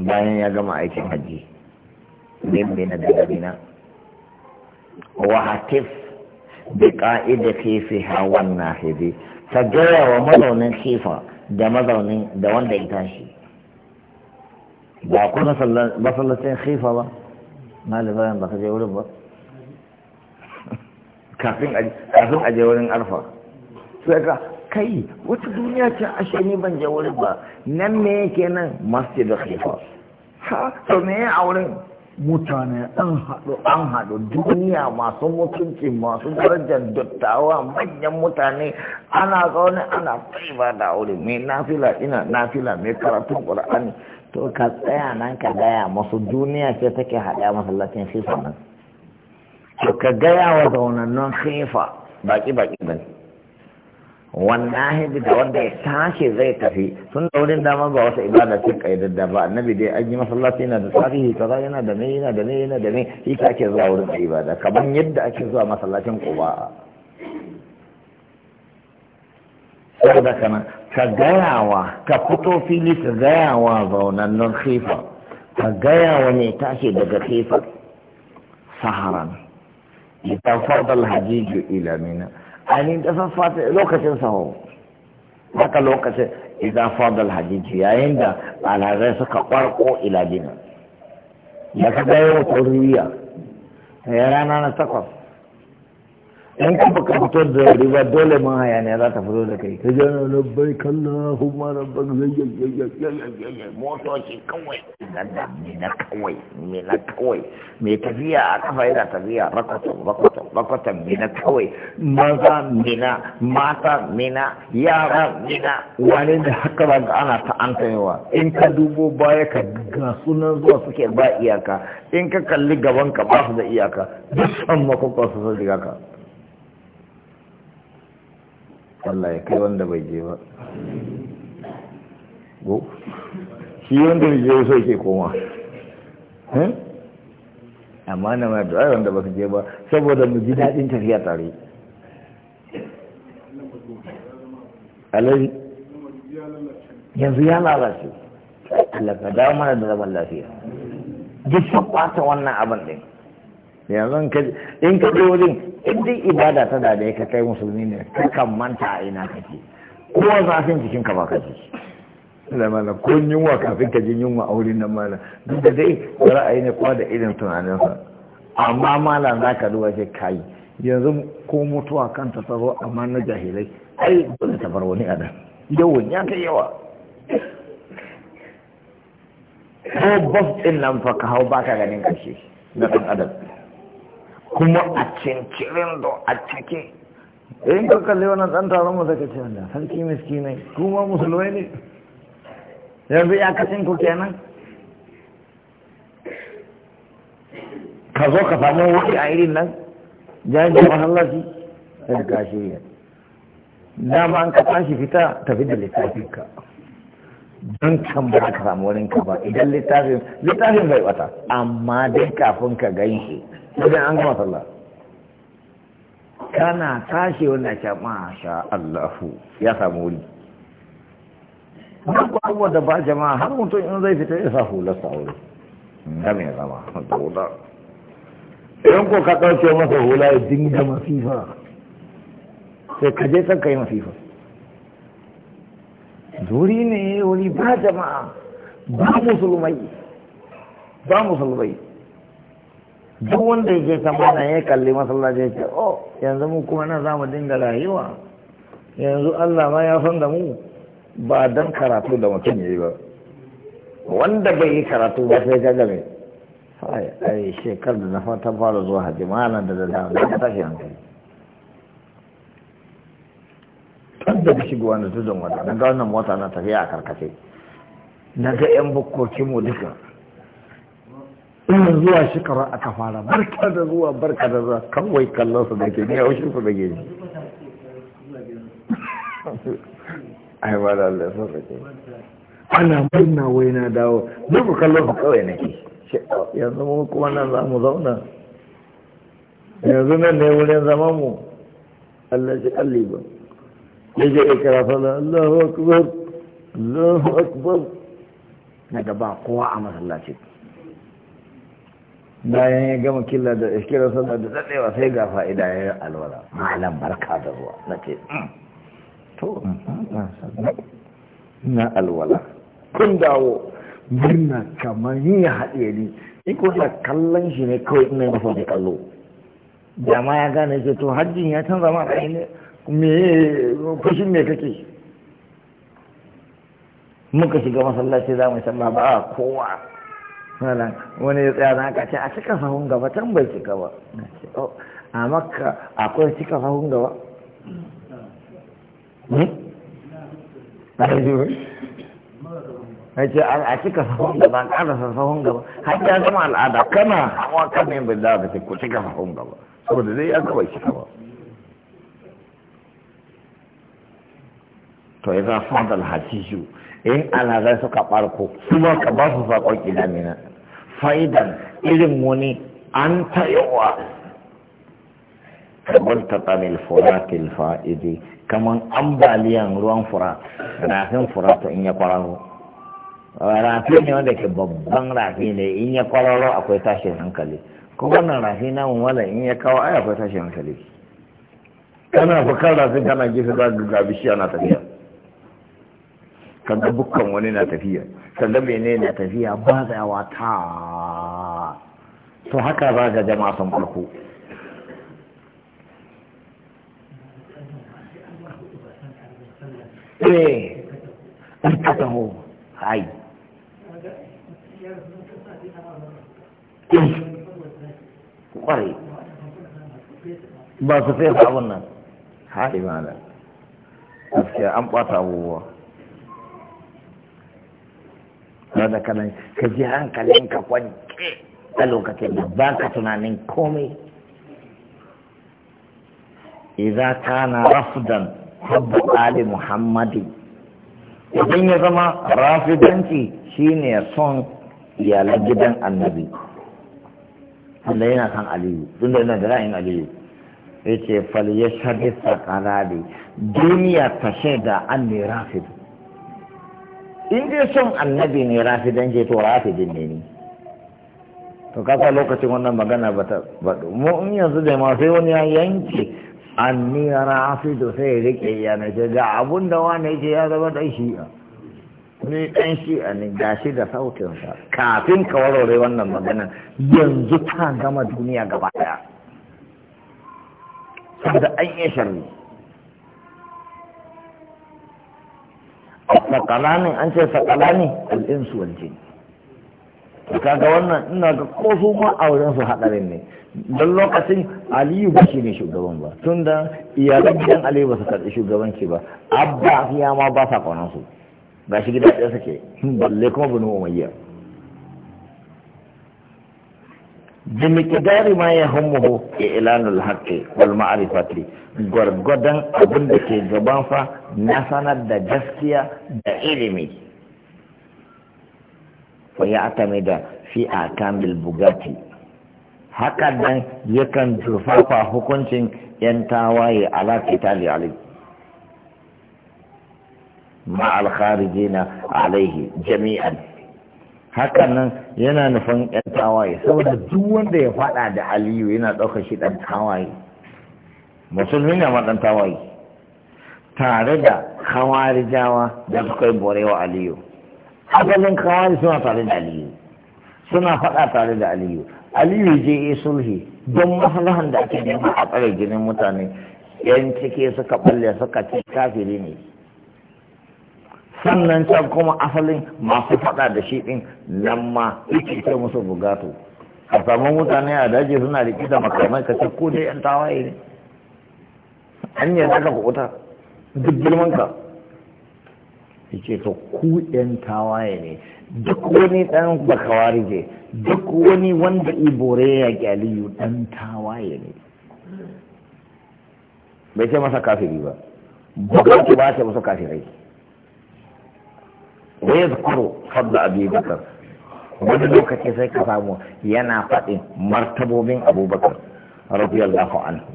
bayan ya gama aikin hajji min bin adabina wa hatif bi qa'ida kifiha wan nahidi ka gaya wa mazaunin kifa da mazaunin da wanda ya tashi ba ku masallacin khifa ba malibayan ba ka je wurin ba [LAUGHS] kafin a je wurin arfa sai ka kai wata duniya ce ashe ni ban je wurin ba nan me yake nan masjid khifa ha to me a wurin mutane an haɗu an haɗu duniya masu mutunci masu darajar dattawa manyan mutane ana zaune ana tsaye ba da wuri mai nafila ina nafila mai karatun ƙura'ani to ka tsaya nan ka gaya masu duniya ce take haɗa masallacin fifa nan to ka gaya wa zaunannan fifa baki baki ba wallahi da wanda ya tashi zai tafi sun da wurin dama ba wasu ibada ce kaidadda ba annabi dai an yi masallaci yana da tarihi kaza yana da mai yana da mai yana da mai shi ka ake zuwa wurin ibada kamar yadda ake zuwa masallacin quba saboda kana ka gayawa ka fito fili ka gayawa nan khifa ka gayawa ne tashi daga khifa saharan ita fadal hajiju ila mina ani da fata lokacin saho haka lokacin ita fadal hajiju yayin da alhazai suka kwarko ila mina da ka gayawa tauriya ya rana na takwas in ka baka fitar da riba dole ma ne za ta fito da kai ka ji na rabbai kalla yi yi yi motoci kawai ganda me na kawai me na kawai me tafiya a kafa yana tafiya rakotan rakotan rakotan me na kawai maza me na mata me na yara me na wani da haka ba ga ana ta an in ka dubo baya ka ga sunan zuwa suke ba iyaka in ka kalli gaban ka ba su da iyaka duk san makon ba su da iyaka Allah ya kai wanda bai je ba shi wanda bai je so ke koma eh? amma na mai da wanda ba su je ba saboda mu ji daɗin tafiya tare yanzu ya lalace Allah ka dawo mana da zaman lafiya duk sun ɓata wannan abin ɗin yanzu in ka je wurin in ibada ta da ya ka kai musulmi ne ka kan manta a ina kake ko zafin jikin ka ba ka ji ko yunwa kafin ka ji yunwa a wurin nan mala duk da dai yi ne kowa da irin tunaninsa amma mala za ka duba ce kai yanzu ko mutuwa ta tsaro amma na jahilai ai dole ta bar wani adam yawan ya kai yawa ko bas nan fa ka hau baka ganin ƙarshe na ɗan adam kuma a cincirin da a cike in ka kalli wannan ɗan taron mu zaka ce wanda sarki ne. kuma musulmai ne yanzu ya kacin ku kenan ka zo ka samu wuri a irin nan jami'in mahallaci sai ka shirya dama an ka tashi fita tafi da littafinka don can ba ka samu wurin ka ba idan littafin littafin bai wata amma dai kafin ka gan shi wajen an gama sallah kana tashi wannan ce masha Allahu ya samu wuri duk abubuwa da ba jama'a har mutum in zai fita ya sa hularsa wuri ga mai zama da hular in ko ka ɗauke masa hula ya dinga masifa sai ka je kai ka yi masifa Duri ne wuri ba jama'a ba musulmai ba musulmai duk wanda yake san mana ya kalli masallaci ya ce oh yanzu mu kuma na za mu dinga rayuwa yanzu Allah ma ya san da mu ba dan karatu da mutum ya yi ba wanda bai yi karatu ba sai ga game ai ai shekar da na fata fara zuwa haji malam da da da tashi hankali ta da shigowa da tudun wata na ga wannan mota na tafiya a karkace na ga yan mu duka in zuwa shi karo aka fara barka da zuwa barka da zuwa kawai kallon su da ke ne haushin su da ke ne ai ba da Allah sun sake ana murna wai na dawo duk ku kallon su kawai na ke oh, yanzu mu kuma nan za mu zauna yanzu nan ne wurin zama mu Allah shi kalli ba yaje ikra sallallahu Allahu akbar Allahu akbar na ba kowa a masallaci bayan ya gama killa da iskira sana da daɗewa sai ga fa'ida ya yi alwala malam barka da ruwa na ce mm, to mm, mm, na alwala kun dawo murna kamar yi ya haɗe ni iko da kallon shi ne kawai ina mafi da kallo dama ya gane ce to hajjin ya canza ma ɗaya ne me fushin me kake muka shiga masallaci za mu san ba kowa wani ya tsaya na ce a cika sahun gaba can bai cika ba oh, a makka akwai cika sahun gaba hmm? a ce a cika sahun gaba karasa sahun gaba har ya zama al'ada kana hawa kan yin bai da ce ku cika sahun gaba saboda dai ya kawai cika ba to ya za fadal shi. in alhazai suka su kuma ka ba su gida mina fa'idan irin wani an tayowa kamar tatamil furatil fa'idi kamar ambaliyan ruwan fura rafin fura in ya kwararo rafi ne wanda ke babban rafi ne in ya kwararo akwai tashin hankali ko wannan rafi na wala in ya kawo ai akwai tashin hankali kana fukar rafin kana gefe za ga bishiya na tafiya kaga bukkan wani na tafiya kaga mene na tafiya ba a ta to haka ba ga jama'a sun farko eh an ta ho hai eh, kwarai ba su fesa abin nan haɗe ma da gaskiya an ɓata abubuwa ba da ka ji hankalin ka kwanke a lokacin da ba ka tunanin komai idza kana rafdan hubbu ali muhammadi idan ya zama rafidanci shine son iyalan gidan annabi Allah yana kan aliyu tun da yana da ra'ayin aliyu yace fal yashhadu saqalani duniya ta shaida ne rafid in dai son annabi ne rafidan ce to rafidin ne ni to kasa lokacin wannan magana ba ta baɗo mu in yanzu da ma sai wani ya yanke anni rafidu sai ya rike ya na ce ga abun da wani yake ya zama dan shi'a ni dan shi'a ne ga shi da sautinsa kafin ka warware wannan magana yanzu ta gama duniya gaba daya saboda an yi sharri sakalanin an ce sakalani al'insu wal jin kaga wannan ina ga ko su ma wurin su hadarin ne don lokacin aliyu ba shi ne shugaban ba tun da iyalan gidan aliyu ba su karɓi shugabanci ba abba ya ma ba sa ƙaunar su ga shi gida ɗaya suke balle kuma bunu umayya ma ya ما ilanul إعلان wal والمعرفة gwargwadon abin da ke gaban fa na sanar da gaskiya da ilimi fa ya atame da fi a bugati haka dan yakan turfafa hukuncin yan tawaye ala kitali ali ma alkharijina alaihi jami'an hakan nan yana nufin yan tawaye saboda duk wanda ya faɗa da aliyu yana ɗaukar shi ɗan tawaye musulmi ne ma ɗan tawaye tare da kawarijawa da suka yi borewa aliyu asalin kawari suna tare da aliyu suna faɗa tare da aliyu aliyu je yi sulhi don maslahan da ake nema a tsare jinin mutane yan cike suka balle suka ce kafiri ne sannan can kuma asalin masu faɗa da shi ɗin nan ma yake ce musu bugatu a samu mutane a daji suna riƙe da makamai ka ce ko dai yan tawaye ne an yi zaka wuta duk girman ka ce to ku yan tawaye ne duk wani ɗan bakawari je duk wani wanda ibore ya gyaliyu ɗan tawaye ne bai ce masa kafiri ba bugatu ba ce masa kafirai wa yadhkuru fadla abi wani lokaci sai ka samu yana faɗin martabobin abubakar radiyallahu anhu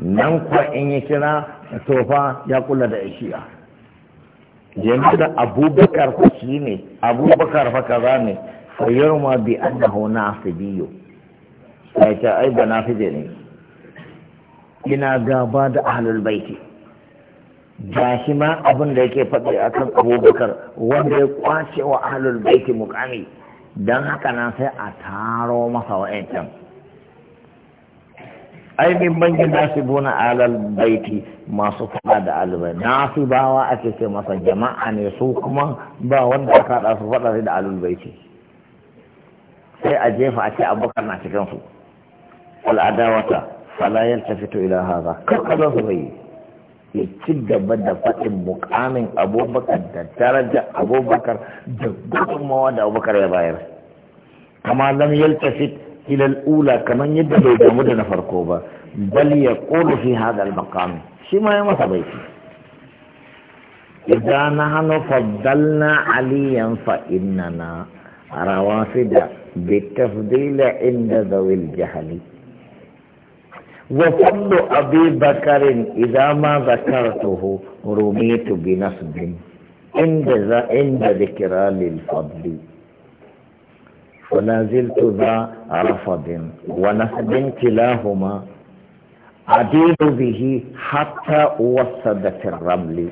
nan kuwa in yi kira tofa ya kula da ishiya yanzu da abubakar fa shi ne abubakar fa kaza ne fayyar ma bi annahu nasibiyo sai ta ai ba nasije ne ina gaba da ahlul baiti gashi ma abin da yake faɗi a kan abubakar wanda ya kwace wa ahlul baiti mukami don haka na sai a taro masa wa 'ƴancan. ai min bangin buna alal baiti masu faɗa da bawa bawa ake ce masa jama'a ne su kuma ba wanda aka haɗa su faɗa da alul baiti sai a jefa a ce abubakar na cikinsu al'adawata fala fito ila hadha kakkazo su bai ya ci gaba da faɗin mukamin abubakar da daraja abubakar da gudunmawa da abubakar ya bayar kama lam yaltafi ila al-ula kaman yadda bai damu da na farko ba bal ya qulu fi hadha al-maqam shi ma ya masa baiti idza nahnu faddalna aliyan fa innana rawafida bitafdila inda dhawil jahali wa kullu abi bakarin idza ma zakartuhu rumitu bi nasbin inda za inda zikra lil fadl fa za arafadin wa nasbin kilahuma adidu bihi hatta uwasadat ar-ramli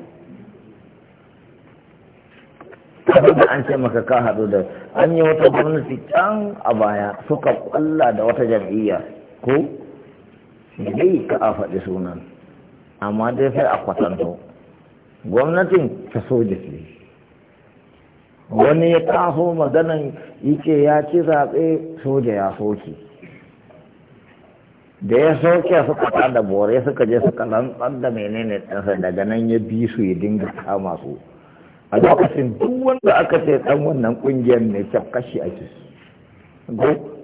da an maka ka haɗu da an yi wata gwamnati can a baya suka kwalla da wata jam'iyya dai ka a faɗi sunan amma dai sai a kwatanto gwamnatin ta soja ce wani ya taso maganan yake ya ci zaɓe soja ya soke da ya soke suka da bore suka je suka lantsar da menene ɗansa daga nan ya bi su ya dinga kama su a lokacin duk wanda aka ce ɗan wannan ƙungiyar ne cakashi a ciki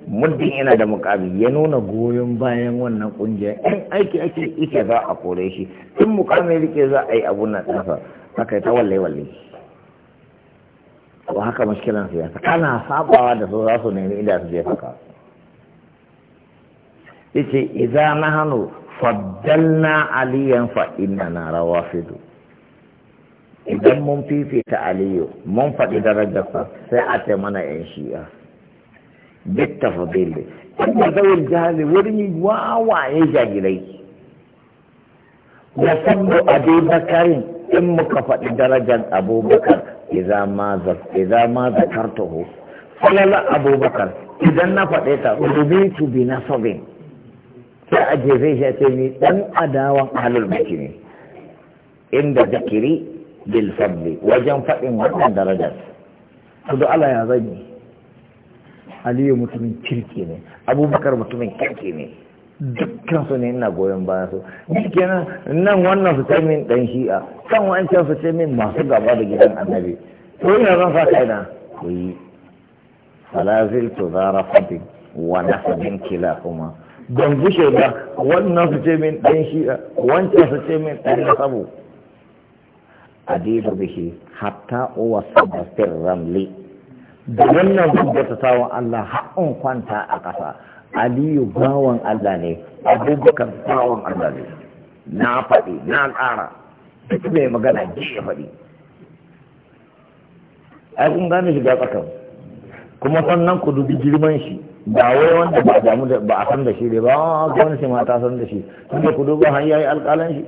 muddin yana da mukami ya nuna goyon bayan wannan kungiyar yan aiki ake ita za a kore shi in mukami rike za a yi abun nan ɗansa haka ta walle walle Ko haka mashkilan siyasa kana sabawa da su za su nemi inda su jefa ka yace idza nahnu faddalna aliyan fa rawa rawafidu idan mun fifita aliyu mun faɗi darajarsa sai a ce mana yan shi'a bitta fadilu in da zaun jagirai na san bu in muka faɗi darajar abubakar idan abubakar idan na faɗe ta rubutu bi zai sha ce ni adawan halin baki ne inda wajen faɗin wannan darajar su ya zanyi aliyu mutumin kirki ne abubakar mutumin kirki ne dukkan su ne ina goyon bayan su kenan nan wannan su ce min dan shi'a kan wancan su ce min masu gaba da gidan annabi to ina zan sa kaina ku yi falazil to zara fadi wa nasabin kila kuma don gushe ba wannan su ce min dan shi'a wancan su ce min dan nasabu adidu bihi hatta uwa sabafin ramli da wannan ta tawon Allah haƙon kwanta a ƙasa aliyu bawan Allah ne abubakar bawan Allah ne na faɗi na ƙara duk mai magana ji ya faɗi ai kun gane shiga tsakan kuma sannan ku dubi girman shi ba wai wanda ba damu da ba a san da shi ne ba ah, gwamnati ma mata san da shi da ku duba har yayi alƙalan shi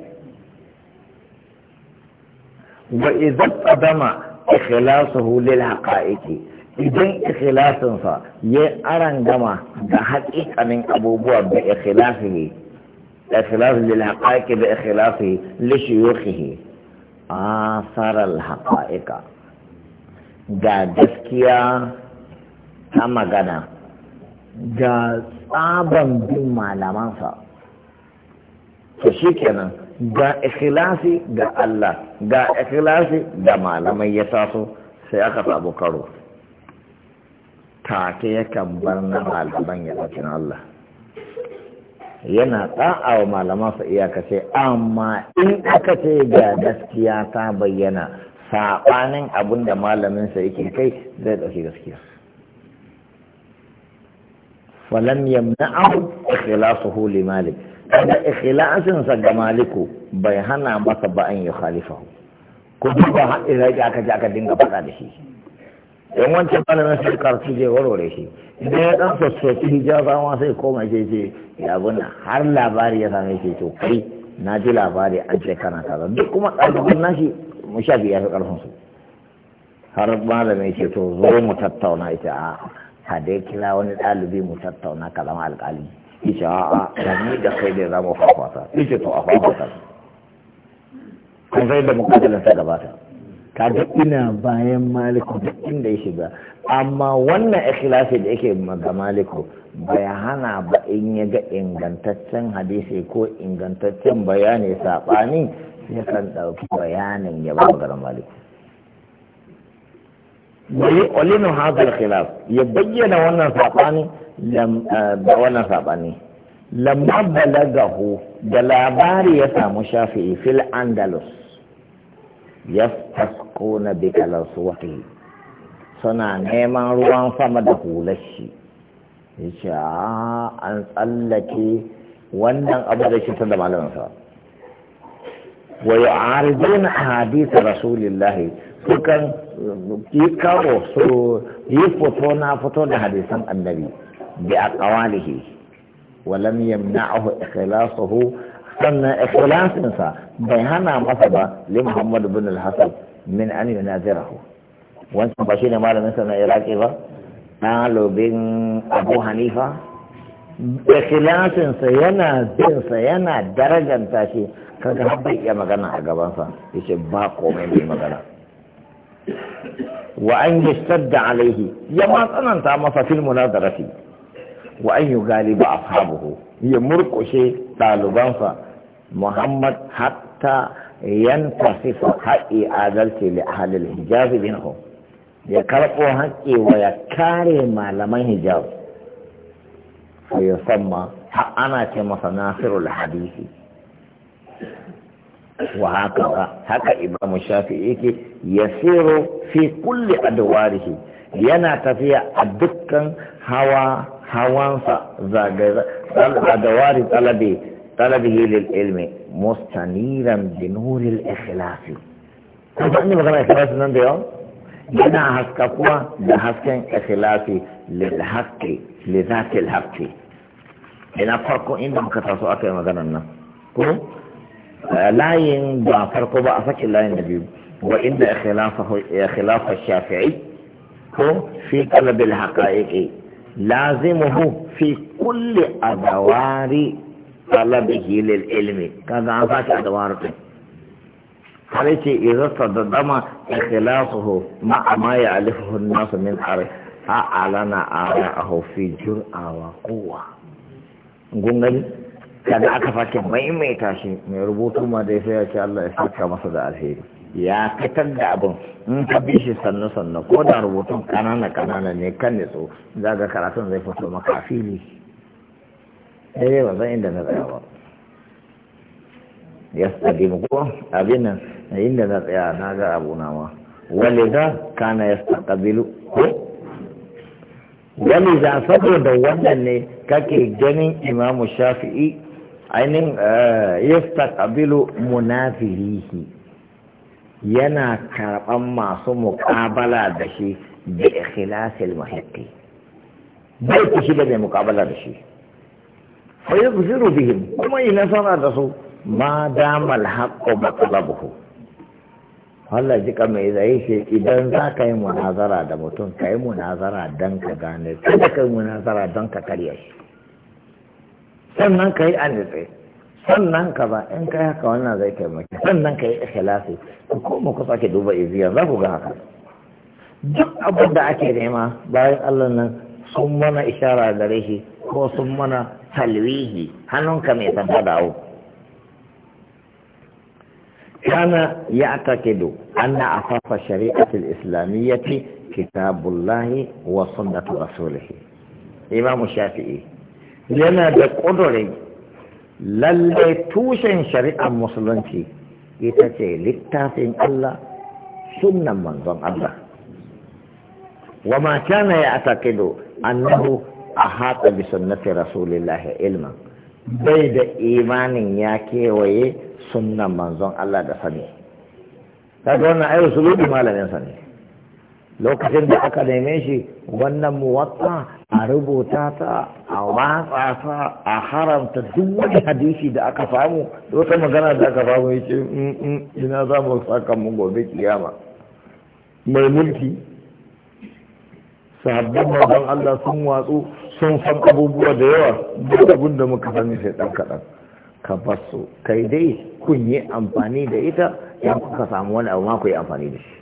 wa idza qadama ikhlasuhu lil haqa'iqi idan ikhlasinsa ya aran gama da haƙiƙanin abubuwa da ikhlasihi da lil haqaiqi da ikhlasihi li shuyukhihi a al haqaiqa ga gaskiya ta magana ga tsaban bin malamansa to shikenan ga ikhlasi ga Allah ga ikhlasi da malamai ya taso sai aka sabu karo take yakan bar na malaman ya ɗauki Allah yana ɗa'a wa malaman su iyaka amma in aka ce ga gaskiya ta bayyana saɓanin abin da malamin sa yake kai zai ɗauki gaskiya falam yamna'ahu ikhlasuhu li malik kada ikhlasin sa ga maliku bai hana masa ba an khalifa, ko duba har aka ji aka dinga faɗa da shi in wancan malamin sai karatu zai warware shi idan ya dan sassoci hijabawa sai koma ke ce ya guna har labari ya same ke to kai na ji labari an ce kana kaza duk kuma ɗalibin nashi mu sha biya fi ƙarfin su har malamin ce to zo mu tattauna ita a ka kila wani ɗalibi mu tattauna kalama alƙali ita a'a a ni da kai da mu fafata ita to a fafata kun sai da mukaddalin sa gabata kaga ina bayan maliku duk inda ya shiga amma wannan ikhlasi da yake ga maliku bai hana ba in ya ga ingantaccen hadisi ko ingantaccen bayani saɓani ya kan ɗauki bayanin ya ba ga maliku bai olinu hazar khilaf ya bayyana wannan saɓani eh, da wannan saɓani lamma balagahu da labari ya samu shafi'i fil andalus yastasquna bika lasuwati suna neman ruwan sama da hular shi yace ah, an tsallake wannan abu da shi ta da sa wa yu'aridun hadith rasulillah sukan yi karo su yi fito na fito da hadisan annabi bi aqwalihi wa lam yamna'ahu ikhlasuhu أن فلان سنسا بيهانا مصبا لمحمد بن الحسن من أن يناظره وانت بشينا مالا مثلنا إراكي قالوا بن أبو حنيفة بخلان سنسا ينا سنسا ينا درجة تاشي كان حبا يا مغانا عقبان سا يشي من دي مغانا وأن يشتد عليه يما سننتا مصا في المناظرة وأن يغالب أصحابه يمرقشي طالبان سا محمد حتى ينتصف حق عدلتي لأهل الحجاز منهم يكرقوا حقي ويكاري ما لم يهجاب فيسمى حقنا كما ناصر الحديث وهكذا هكا إمام الشافعي يسير في كل أدواره ينا tafiya a هوا hawa hawansa الأدوار طلبي طلبه للعلم مستنيرا بنور الاخلاص تعني مغنى اخلاص من دي اون آه؟ جنا حسك قوة لحسك للحق لذات الحق انا فرقو انا مكتاسو سؤال مغنى انا لا ينبع فرقو با افك لا ينبع وان اخلاصه اخلاص الشافعي هو في طلب الحقائق لازمه في كل ادوار talabihi lil ilmi kaga an sake adawar din har yace idza tadadama ikhlasuhu ma ma ya'lifuhu an-nas min arif a alana ahu fi jur'a wa quwwa gungani kaga aka sake mai tashi mai rubutu ma dai sai ya ce Allah ya saka masa da alheri ya fitar da abin in ka bi shi sannu sannu ko da rubutun kanana kanana ne kan nitso zaga karatun zai fito maka fili eh ba zan inda na tsaya ba ya tsadi mu ko abin nan inda na tsaya na ga abu na ma walida kana yastaqbilu ko walida saboda wannan ne kake ganin imamu shafi'i ainihin eh, yastaqbilu munafirihi yana karɓan masu muƙabala da shi da ikhlasil mahiqqi bai kushi da mai muƙabala da shi fa yuzhiru bihim kuma yi nasara da su ma damal haqqu matlabuhu Allah ji ka mai zai ce idan za ka yi munazara da mutum ka yi munazara don ka gane kada ka yi munazara don ka karya shi sannan ka yi anitse sannan ka ba in ka haka wannan zai taimaki sannan ka yi ikhlasi ku koma ku sake duba iziya za ku ga haka duk abin da ake nema bayan Allah nan sun mana ishara da shi ko sun mana talwihi hannunka mai san fadawo kana ya takidu anna afafa shari'atul islamiyyati kitabullahi wa sunnatu rasulih imam shafi'i yana da kudurin lalle tushen shari'ar musulunci ita ce littafin Allah sunnan manzon Allah wa ma kana ya do annahu a hatsa bi rasulillah rasulillahi ilman bai da imanin ya kewaye sunan manzon Allah da sani kaga wannan ayo sulubi malamin sani lokacin da aka neme shi wannan muwatta a rubuta ta a watsa ta a haramta duk wani hadisi da aka samu wata magana da aka samu ya ce mm, mm, ina za mu saka mu gobe kiyama mai mulki sabbin mazan Allah sun watsu sun san abubuwa da yawa duk abin da muka sani sai ɗan kaɗan ka ba su kai dai kun yi amfani da ita yan kuka samu wani abu ma ku yi amfani da shi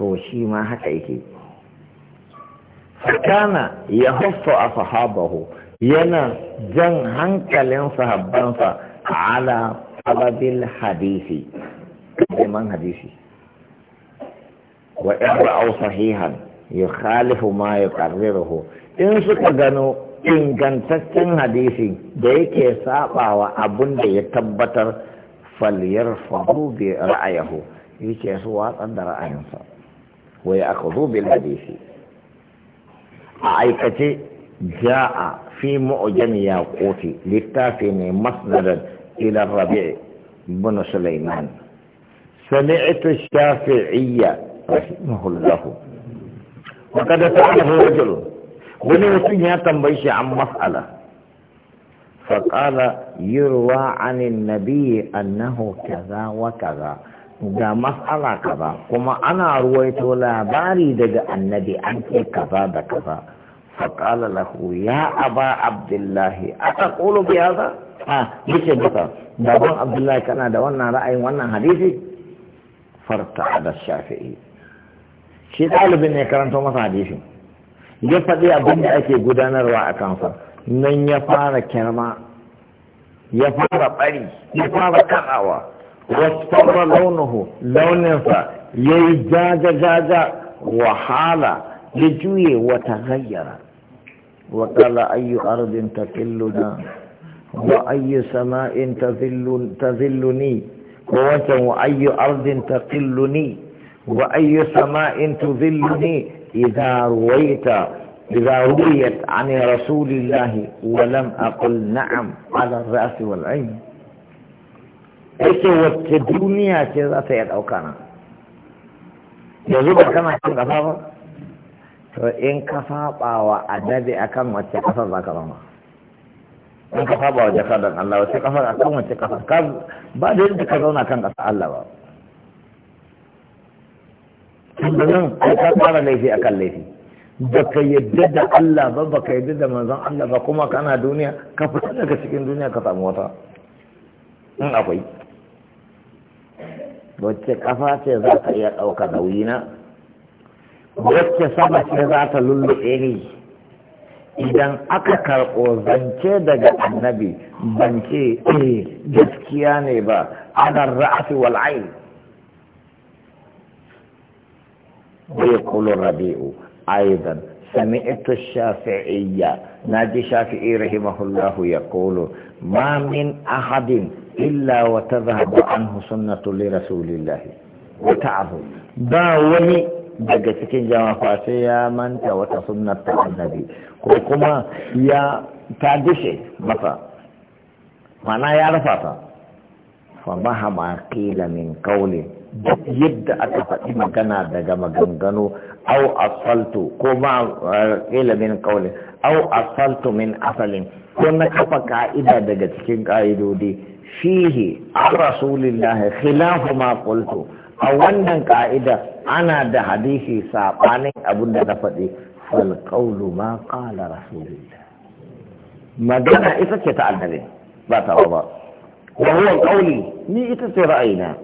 to shi ma haka yake fakana ya huffa a sahabahu yana jan hankalin sahabbansa ala talabil hadisi neman hadisi wa khalifu ra'aw sahihan yukhalifu ma yuqarriruhu in suka gano ingantaccen hadisi da yake sabawa abun da ya tabbatar faliyar fahu bi ra'ayahu yake su watsar da ra'ayinsa wai aka zo bil hadisi a aikace ja'a fi ya kofi littafi ne masnadar ila rabi' bin sulaiman sami'tu shafi'iyya rahimahullahu وقد تعرف رجل wani mutum ya tambayi shi an mas'ala faƙala yurwa anin nabi annahu kaza wa kaza ga mas'ala kaza kuma ana ruwaito labari daga annabi an ce kaza da kaza faƙala lahu ya aba abdullahi a taƙulu bi haza ha yace masa baban abdullahi kana da wannan ra'ayin wannan hadisi farta da shafi'i shi ɗalibin ne karanto masa hadisin ya faɗi abin da ake gudanarwa a kansa nan ya fara kyarma ya fara ɓari ya fara kaɗawa wasfarra launuhu launinsa ya yi jaja-jaja wahala ya juye wata hayyara وقال أي أرض تكلنا وأي سماء تذلني وأي أرض تقلني وأي سماء تذلني إذا رويت إذا رويت عن رسول الله ولم أقل نعم على الرأس والعين duniya ce za ta iya ɗauka nan yanzu ba kana kan ƙasa ba to in ka saba wa adabi akan wacce ƙasar za ka zama in ka saba wa Allah ƙasar akan ƙasar ba ka zauna kan ƙasar Allah ba tunda nan ka tsara laifi akan laifi baka yadda da Allah ba baka yadda da manzon Allah ba kuma kana duniya ka fita daga cikin duniya ka samu wata in akwai wacce kafa ce za ta iya ɗauka nauyina wacce sama ce za ta lulluɓe ni idan aka karɓo zance daga annabi ban ce eh, gaskiya ne ba ana ra'afi walai. ويقول الربيع أيضا سمعت الشافعية نادي شافعي رحمه الله يقول ما من أحد إلا وتذهب عنه سنة لرسول الله وتعظم باولي daga cikin jama'a sai ya manta wata sunnar ta annabi ko kuma ya ta dishe masa mana ya rufa ta fa ma mahama qila min qawlin duk yadda aka faɗi magana daga maganganu au asaltu ko ma eh, ƙila min ƙaulin au asaltu min asalin ko na kafa ka'ida daga cikin ƙa'idodi fihi a rasulillah khilafu ma qultu a wannan ka'ida ana da hadisi saɓanin abin da na faɗi fal qawlu ma qala rasulillah magana ita ce ta annabi ba ta ba wa huwa qawli ni ita ce ra'ayina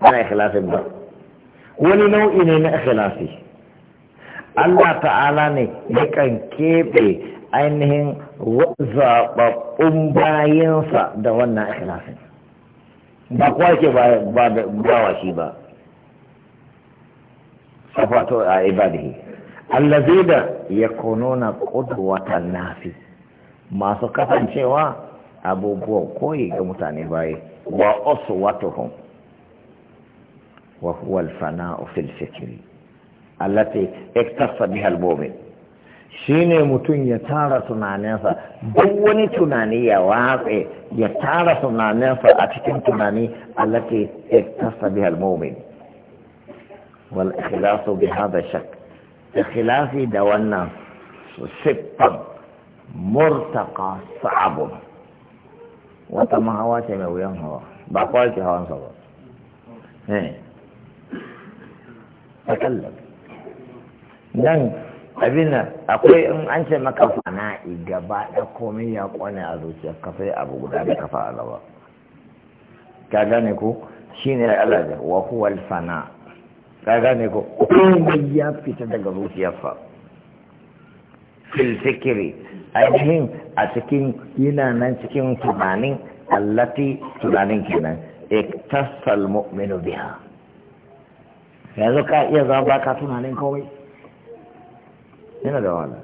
ana ba wani nau'i ne na ikhlasi Allah ta'ala ne yakan keɓe ainihin zaɓaɓɓun bayansa da wannan ikhlasin ba kuwa ke bawa shi ba safato a ibadihi zai da ya kununa ƙudurwata nafi masu kasancewa abubuwan koyi ga mutane baye wa uswatuhum وهو الفناء في الفكر التي اكتفى بها المؤمن شيني متون يتارى تنانيسا دوني تناني واقعي يتارى تنانيسا أتكين تناني التي اكتفى بها المؤمن والإخلاص بهذا الشك الخلاف دوانا سبا مرتقى صعب وتمهواتي مويان هو باقوالتي هوان صبر إيه. takallab nan abin akwai in an ce maka fana'i gaba da komai ya kone a zuciya ka abu guda da kafa a gaba ka gane ko shine Allah da wa huwa al-fana ka gane ko komai ya fita daga zuciyarsa fil fikri ainihin a cikin yana nan cikin tunanin allati tunanin kenan iktasal mu'minu biha yanzu ka iya zama ba ka tunanin komai yana da wani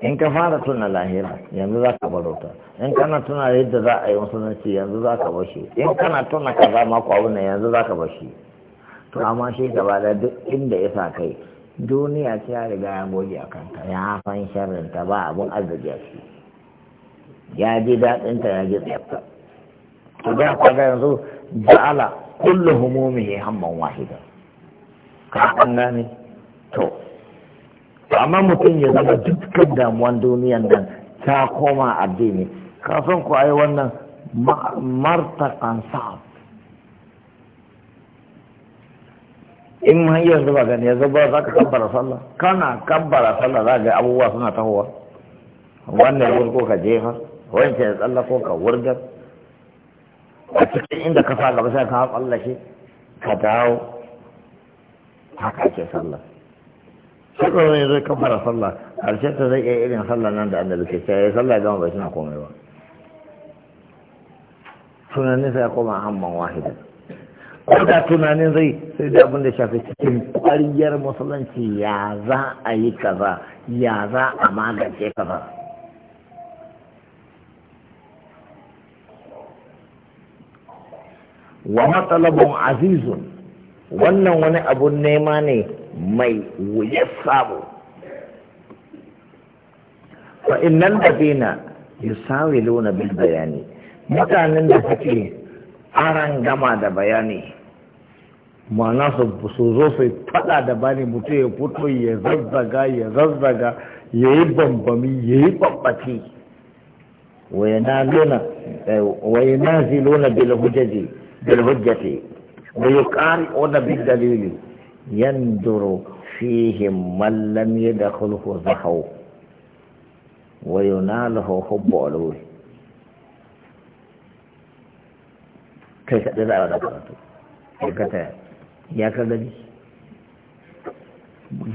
in ka fara tuna lahira yanzu za ka barauta in kana tuna yadda za a yi musulunci yanzu za ka bashi in kana tuna ka za ma kwawo yanzu za ka bashi to amma shi gaba da duk inda ya sa kai duniya ce ya riga ya goge a kanta ya hafan sharrinta ba abun arziki a ciki ya ji daɗinta ya ji tsayarta to da ka ga yanzu ja'ala kullu humumihi hamman wahida ka an ne to amma mutum ya zama dukkan damuwan duniyan nan ta koma addini kafin ku ai wannan marta kansa in yi yanzu ba gani yanzu ba za ka kabbara sallah kana kabbara sallah za ga abubuwa suna tahowa wannan ko ka jefa wancan ya tsalla ko ka wurgar a cikin inda ka sa gaba sai ka tsallake ka dawo haka ake sallah sai ko ya zai kafara sallah karshe ta zai iya irin sallah nan da annabi ke sai ya eh, sallah gama bai suna komai ba tunanin sai ya koma hamman wahida ko da tunanin zai sai da abin da shafi cikin ƙwariyar musulunci ya za a yi kaza ya za a magance kaza wa matsalabin azizun wannan wani abun nema ne mai wuya sabo fa innal ladina yusawiluna bil bayani mutanen da suke aran gama da bayani ma'ana su zo su fada da bani mutum ya fito ya zazzaga ya zazzaga ya yi bambami ya yi babbaci eh, wa yanaziluna bil hujjati da ya ƙari ona bin dalili yanduru fihim man lam yadkhulhu zahau wa yunaluhu hubbu ulwi kai ka zaɓa da karatu ka ta ya ka gani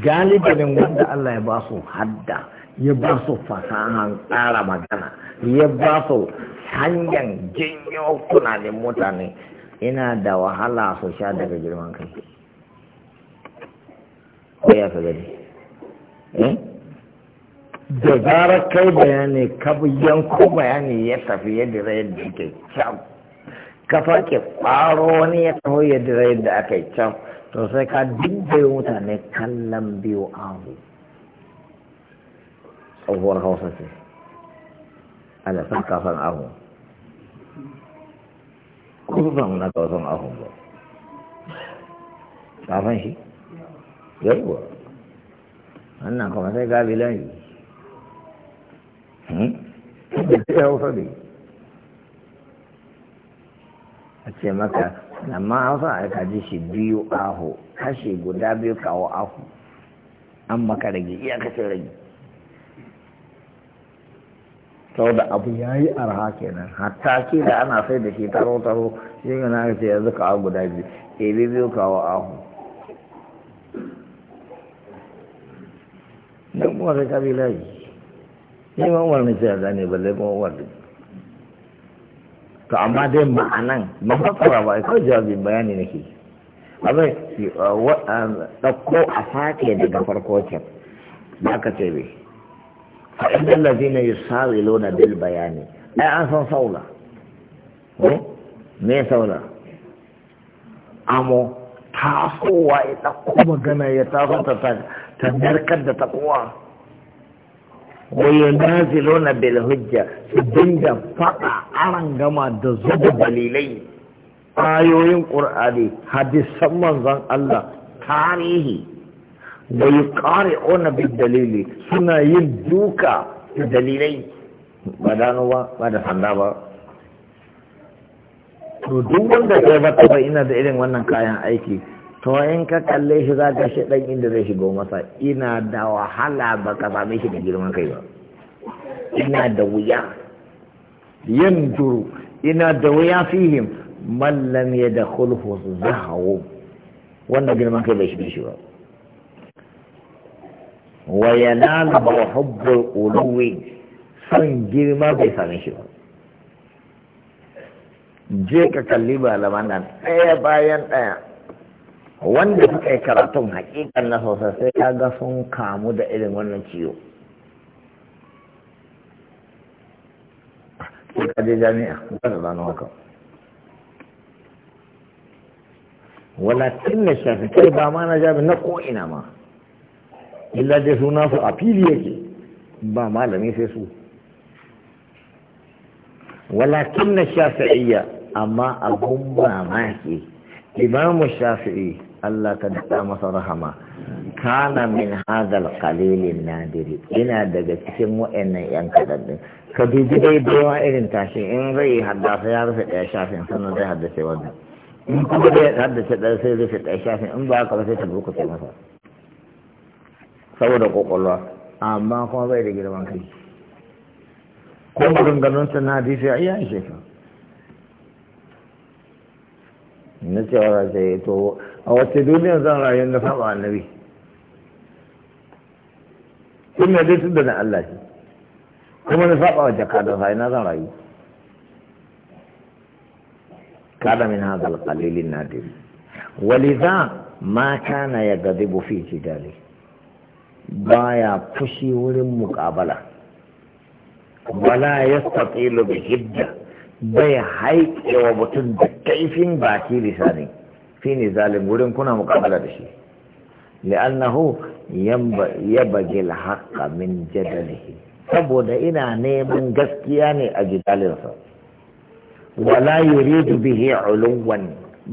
galibin wanda Allah ya ba su hadda ya ba su fasahan tsara magana ya ba su hanyar janyo tunanin mutane Ina da wahala su sha daga girman kai ko ya fi gani eh? da zarar kai bayani ka yanko bayani ya tafi yadda rai da yake can ka farke kwaro wani ya taho yadda rai da aka yi can to sai ka dubbe mutane kallon biyu ahu tsohuwar hausa ce ana son kafan ahu kurban na kawasan ahun ba kafan shi ba. wannan kuma sai gabilan yi ya hmm? hausa ne a ce maka na hausa a kaji shi biyu aho kashi guda biyu kawo aho an maka rage kashe rage da abu ya yi arha kenan hatta ke da ana sai da shi taro taro shi na ce yanzu kawo guda biyu ke eh, biyu kawo ahu don kuma sai kabila yi neman wani ce yanzu ne balle kuma wani to amma dai ma'anan mafafara ba kawai jawabin bayani nake abin eh, eh, ɗauko a sake daga farko can ba ka ce bai fa inda allazina lona bil bayani ai an san saula ko me saula amo tasowa ya ɗauko magana ya taso ta ta da takowa wayo nazilo na hujja su dinga faɗa aran gama da zuba dalilai ayoyin ƙur'ani hadisan manzon Allah tarihi da yi ƙare ona bi dalili suna yin duka da dalilai ba dano ba ba da sanda ba to duk wanda kai ba ta ina da irin wannan kayan aiki to in ka kalle shi za ka shi ɗan inda zai shigo masa ina da wahala ba ka same shi da girman kai ba ina da wuya yin duru ina da wuya fihim mallam ya da kulhu zahawo wanda girman kai bai shige shi ba wa yanalu wa hubbul uluwi san girma bai same shi ba je ka kalli ba malaman nan ɗaya bayan ɗaya wanda suka yi karatun hakikan na sosai sai ka ga sun kamu da irin wannan ciwo sai ka je jami'a ba da zanen haka na shafi kai ba ma na jami'a na ko ma illa dai suna su a fili yake ba malami sai su walakin na shafi'iyya amma abun mamaki imamu shafi'i Allah ka daɗa masa rahama kana min hadal qalilin nadiri yana daga cikin wa'annan yan kadan din ka dubi dai bayan irin tashi in rai haddasa ya rufe ɗaya shafin sannan zai haddace wannan in kuma zai haddace ɗaya sai rufe ɗaya shafin in ba haka ba sai ta burkuce masa saboda kokolwa amma kuma bai da girman kai ko ganin sa na hadisi a iya ka na cewa za ta yi to a wace duniya zan rayu na saba annabi tun da dai da na Allah ce kuma na faɓa wa jaka da sa'ina zan rayu kada min hazal qalilin nadir walidha ma kana يغضب fi جداله baya fushi wurin mukabala. wala ya tsatsilo bi hidda bai haikewa mutum da kaifin baki lisani fi ne zalim wurin kuna mukabala da shi li'annahu bagi haqqa min jadalihi saboda ina neman gaskiya ne a jidalinsa wala yuridu bihi uluwan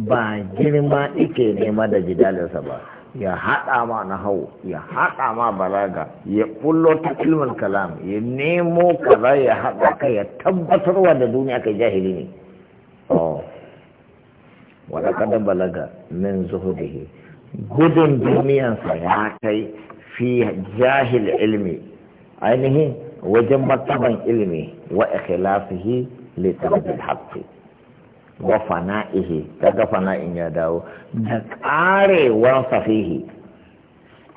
ba girma ike nema da jidalinsa ba ya haɗa ma na hau ya haɗa ma balaga ya ƙullo ta ilmin kalam ya nemo kaza ya haɗa ka ya tabbatarwa da duniya kai jahili ne oh. wadda kada balaga min zuhudihi gudun duniyansa ya kai fi jahil ilmi ainihin wajen martaban ilmi wa ikhilafihi li talabil haqqi wa fana'ihi kaga fana'in ya dawo da karewan safihi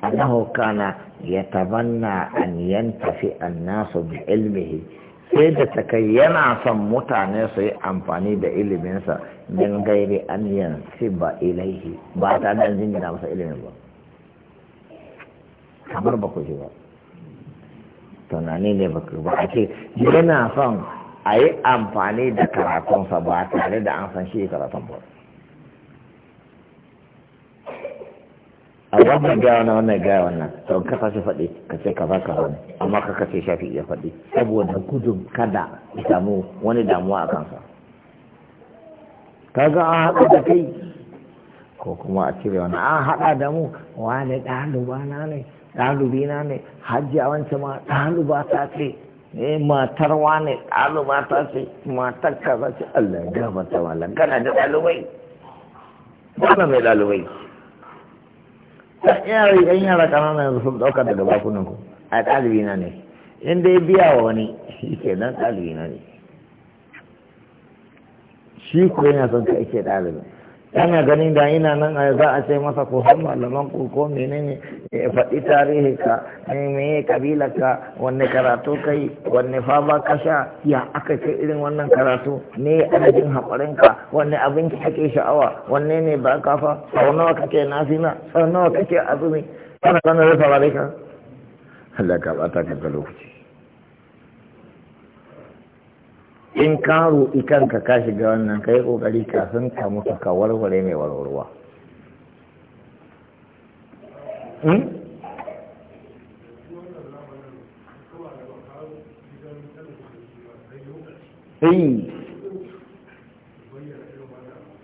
annahu kana yatabanna an yantafi annasu bi ilmihi sai da take yana son mutane su yi amfani da iliminsa min gairi an yansi ba ilaihi ba ta da jingina masa ilimin ba kamar ba ku ji ba tunani ne ba ba a ce yana son a yi amfani da karatunsa ba tare da an san shi karatun ba a wannan gaya wannan wannan gaya wannan don kasa shi faɗi ka ce kaza kaza wani amma ka kace shafi iya faɗi saboda gudun kada ya samu wani damuwa a kansa ga an haɗa da kai ko kuma a cire wani an haɗa da mu wani ɗalibana ne ɗalibina ne hajji a wancan ma ɗaliba ta ce eh matar wane ɗaliba ta ce matar ka za ce Allah ga mata malam kana da ɗalibai wannan mai ɗalibai ta yara yan yara kanana yanzu sun ɗauka daga bakunan ku a ɗalibi na ne in dai biya wa wani ke nan ɗalibi na ne shi ko yana son ka ake ɗalibin yana ganin da ina nan a za a ce masa ko har malaman ku ko menene ya faɗi tarihi ka eh, me kabila ka wanne karatu kai wanne faba ka sha ya aka ce irin wannan karatu ne adadin haƙarin ka wanne abinci kake sha'awa wanne ne ba ka fa sau nawa kake nafila sau nawa kake azumi kana kana rufa ba dai ka Allah ka bata ka lokaci in ka roƙi kanka ka shiga wannan ka yi ƙoƙari kafin ka mutu ka warware mai warwarwa hmm?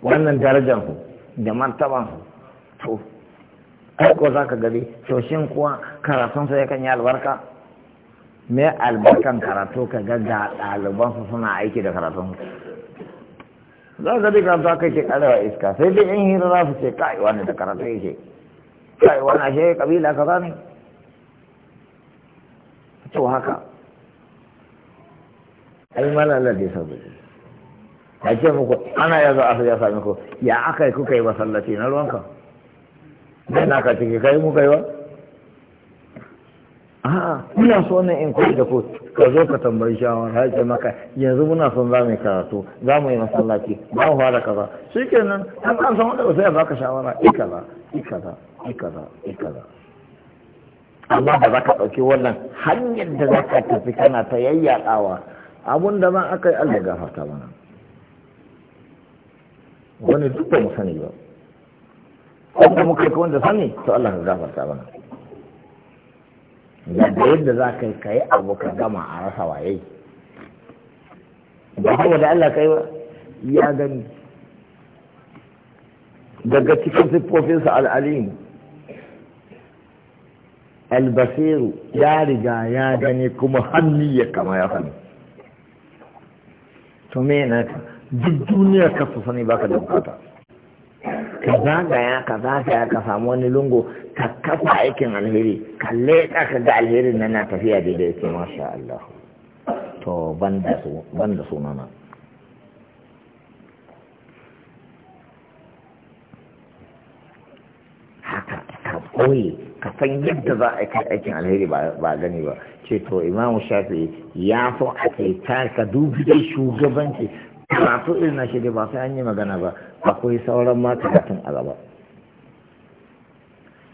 wannan darajar ku da martaban ku to aiko za ka gari to shin kuwa sai yakan yi albarka me albarkan karatu ka ga ga su suna aiki da karatun za ka dai karatu aka ce karewa iska sai dai in hira za su ce kai wani da karatu yake kai wani ashe kabila kaza ne to haka ai malala dai zuci a ce muku ana yanzu a ya sami ku ya aka yi kuka yi masallaci na ruwanka na ka ciki kai mu yi wa a'a muna so ne in kuɗi da ko ka zo ka tambayi shawar har ce maka yanzu muna son za mu yi karatu za mu yi masallaci za mu fara kaza shi kenan an an san wanda sai ya baka shawara i kaza i kaza i kaza i kaza amma ba za ka ɗauki wannan hanyar da za ka tafi kana ta yayyaɗawa abun da ma aka yi allah gafarta mana wani duk ba mu sani ba wanda muka yi wanda sani to allah ka gafarta mana yadda yadda za ka yi abu ka gama a rasa waye ba haka da Allah kai ba ya gani daga cikin siffofinsa al'alim albasiru ya riga ya gani kuma hannu ya kama ya sani to me na ka duk duniya ka su sani baka da bukata ka zagaya ka zagaya ka samu wani lungu ka kafa aikin alheri kalle ka ka ga alherin nan na tafiya daidai yake masha Allah to banda su banda sunana haka ka koyi ka san yadda za a kai aikin alheri ba gani ba ce to imamu shafi ya fi a kai ka dubi shugabanci na shi dai ba sai an yi magana ba akwai sauran a gaba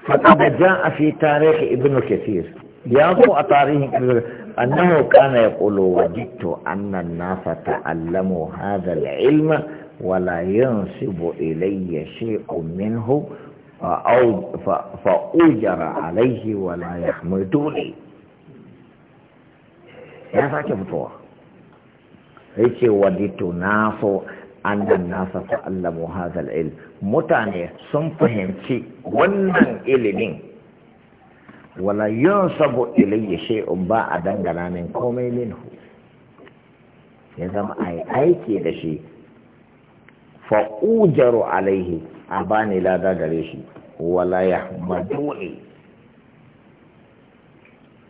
فقد جاء في تاريخ ابن كثير يقول تاريخ أنه كان يقول وجدت أن الناس تعلموا هذا العلم ولا ينسب إلي شيء منه فأجر عليه ولا يحمدوني يا فاكر بطوح yake wadito na so annan nasa ta'allamu hazal ilm mutane sun fahimci wannan ilimin wala sabu ilayya shay'un ba a dangana min komai minhu ya zama ai aiki da shi fa ujaru alaihi a bani lada gare shi wala yahmaduni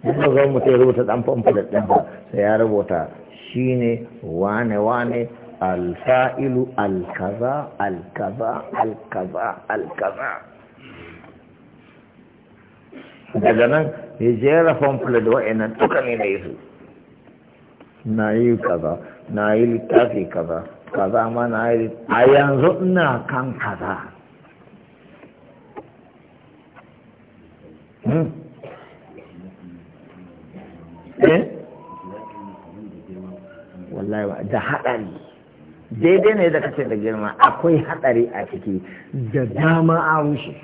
Yanzu zan mutum ya rubuta ɗan famfa da sai ya rubuta shine wane wane alfa'ilu alkaza alkaza alkaza alkaza daga nan ya jera famfula da wa'annan duka ne na yi na yi kaza na yi littafi kaza kaza ma na yi a yanzu ina kan kaza hmm? eh wallahi ba da haɗari daidai ne da kace da girma akwai haɗari a ciki da dama a rushe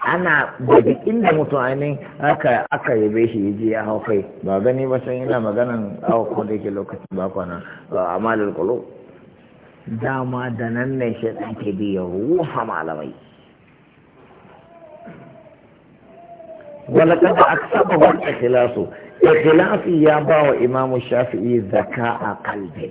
ana daga inda da ainihin aka aka yabe shi yaje ya hau kai ba gani ba san ina maganan awa ko da yake lokaci ba kwana ba amalul qulub dama da nan ne shi ke biya ruha malamai aksaba wa ikhlasu ikhilafi ya ba wa imamu shafi'i zaka a kalbi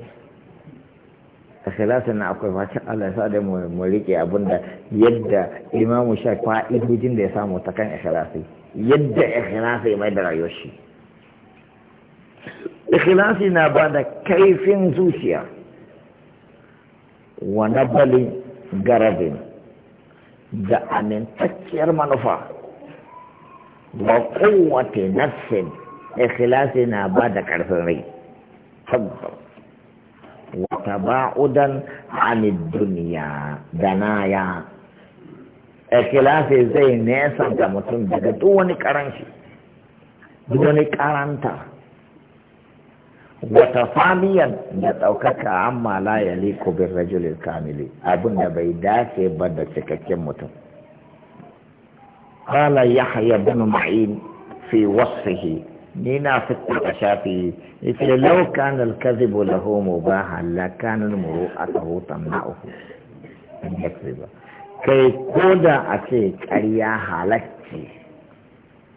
ikhilafi na akwai fata Allah ya sa da mu rike abinda yadda imamu shafi'i fa'idojin da ya samu ta kan ikhilafi yadda ikhlasi mai da rayuwar shi ikhilafi na ba da kaifin zuciya wa nabalin garabin da amintacciyar manufa wa kowace nafsin اخلاص نه بعد کړی حب وتباعدا عن الدنيا دنايا اخلاص زي ناس انت متون دغتوني قرانشي دغوني قرانتا وتفاميا يتوكك عما لا يليق بالرجل الكامل ابن بيدا في بدا تككن متون قال يحيى بن معين في وصفه ni na fitta a shafi yace law kana al-kadhibu ba mubaha la kana al-muru'atuhu kai ko da a ce ƙarya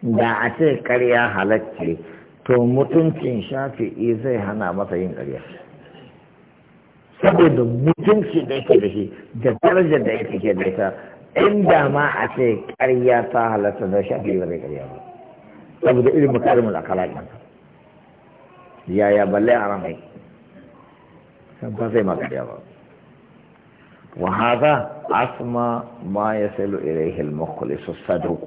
da a ce ƙarya halacce to mutuncin shafi'i zai hana masa yin ƙarya saboda mutunci da yake da shi da darajar da yake da ita inda ma a ce ƙarya ta halatta da shafi'i ba zai ƙarya ba saboda irin makarimul akhlaq yaya balle haramai san ba zai maka da ba wa haza asma ma yasilu ilaihi al-mukhlis as-sadiq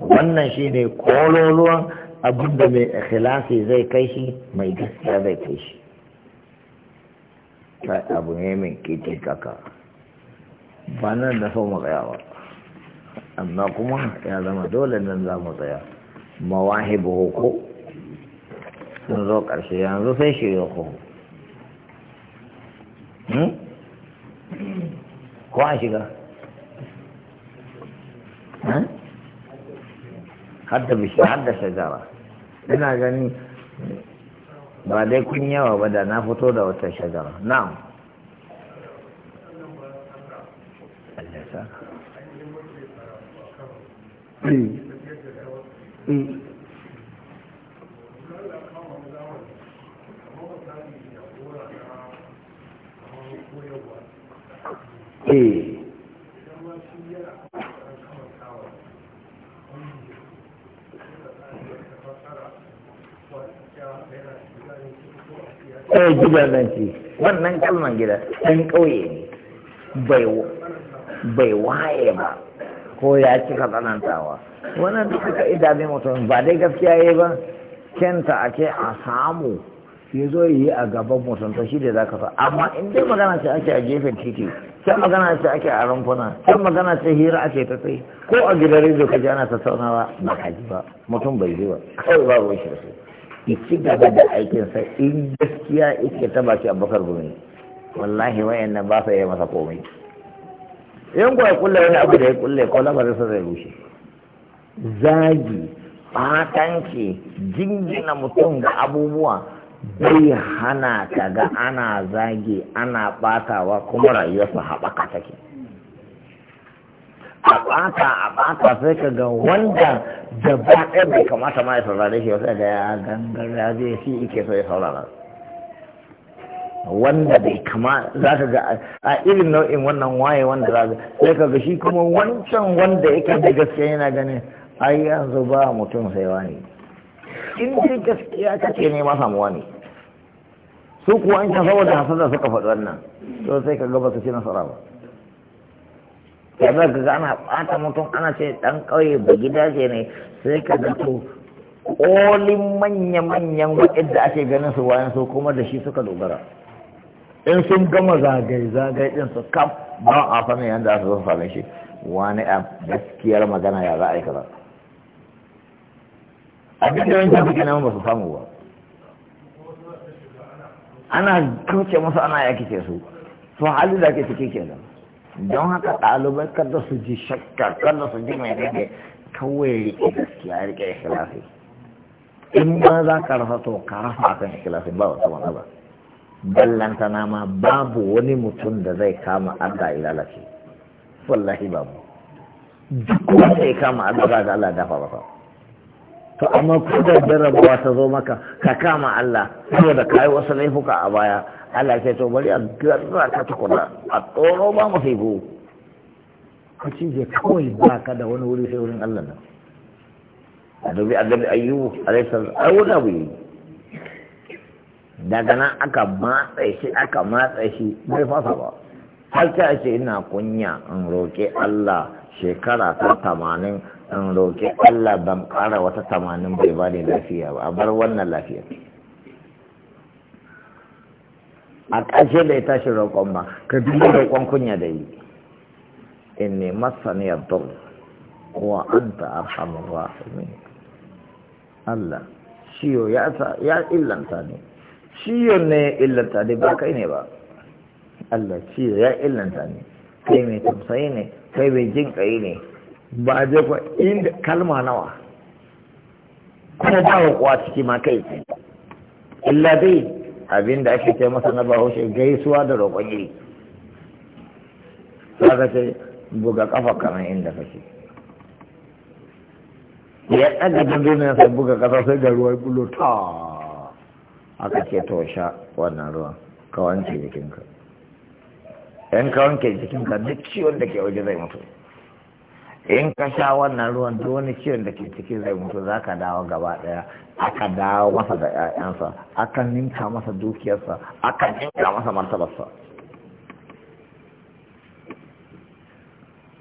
wannan shine kololuwan abinda mai ikhlasi zai kai shi mai gaskiya zai kai shi kai abu ne mai kiti kaka ba nan da so mu tsaya ba amma kuma ya zama dole nan za mu tsaya mawahibu ko sun zo ƙarshe yanzu sai shirya ko hmm? ko a shiga hmm? hadda bishi hadda shajara ina gani ba dai kun yawa ba da na fito da wata shajara na'am Allah eh eh gidan wannan kalman gida ɗan ƙauye ne bai waye ba ko ya cika tsanantawa wannan duka ka idanun mutum ba dai gaskiya ya ba kenta a ce a samu ya zo yi a gaban mutum ta shi da za ka fa amma in dai magana ce ake a gefen titi can magana ce ake a rumfuna can magana ce hira ake ta sai ko a gidan rediyo ka ji ana tattaunawa ba ka ji ba mutum bai ji ba kawai babu shi da su ya ci gaba da aikinsa in gaskiya ike ta baki abubakar gumi wallahi wayannan ba sa yi masa komai in kuwa ya kulle wani abu da ya kulle ko sa zai rushe zagi fatanci jingina mutum ga abubuwa bai hana ka ga ana zagi ana batawa kuma rayuwarsa haɓaka take a ɓata a ɓata sai ka ga wanda da ba ɗaya bai kamata ma ya saurare shi wasu ga ya gangar ya zai shi ike so ya saurara wanda bai kama za ka ga a irin nau'in wannan waye wanda za ka sai ka ga shi kuma wancan wanda ya da gaskiya yana ganin ai yanzu ba mutum sai wani in dai gaskiya ce ne ma samu wani su kuwa an kan saboda hasada suka faɗi wannan to sai ka ga ba su ci nasara ba ya za ka ga ana ɓata mutum ana ce ɗan ƙauye ba gidaje ne sai ka ga to ƙolin manya-manyan waɗanda ake ganin su wayan su kuma da shi suka dogara in sun gama zagaye zagaye din su kam ba a sanin yadda su zo same shi wani a gaskiyar magana ya za a yi kaza duk da yankin suke nan ba su samu ba ana kauce musu ana yakice su su hali da ke ke kenan don haka ɗalibai kada su ji shakka kada su ji mai rike kawai rike gaskiya rike ikhlasi in ma za ka rasa to ka rasa akan ikhlasi ba wata wani ba ballanta nama babu wani mutum da zai kama Allah ya lalace wallahi babu duk wanda ya kama Allah za ga Allah dafa ba to amma ko da jarabawa ta zo maka ka kama Allah saboda kai wasu laifuka a baya Allah ke to bari a garra ka tukuna a tsoro ba mu sai go ka je kawai ba ka da wani wuri sai wurin Allah nan a dubi annabi ayyubu alaihi salam ai wani abu yi daga nan aka matsa shi aka matsa shi bai fasa ba har ta ce ina kunya in roƙi Allah shekara ta tamanin in roƙi Allah ban ƙara wata tamanin bai ba ne lafiya ba a bar wannan lafiya a ƙashe bai tashi roƙon ba ka duba roƙon kunya da yi in ne masaniyar dole wa an ta arhamar rahimin Allah ciwo ya illanta ne ciyon ne ya illanta dai ba kai ne ba Allah ciyo ya illanta ne kai mai tamsayi ne kai mai jin kai ne ba je kwa inda kalma nawa kuma ba wa kuwa ciki ma kai ce illa dai abinda ake ce masa na bahaushe gaisuwa da roƙon iri saka ce buga kafa kamar inda kake ya ɗaga sai buga ƙasa sai ga ruwan bulo ta aka ce to sha wannan ruwan ka wanke jikinka in ka wanke jikinka duk ciwon da ke waje zai mutu in ka sha wannan ruwan duk wani ciwon da ke ciki zai mutu za ka dawo gaba daya aka dawo masa da ƴaƴansa aka ninka masa dukiyarsa aka ninka masa martabarsa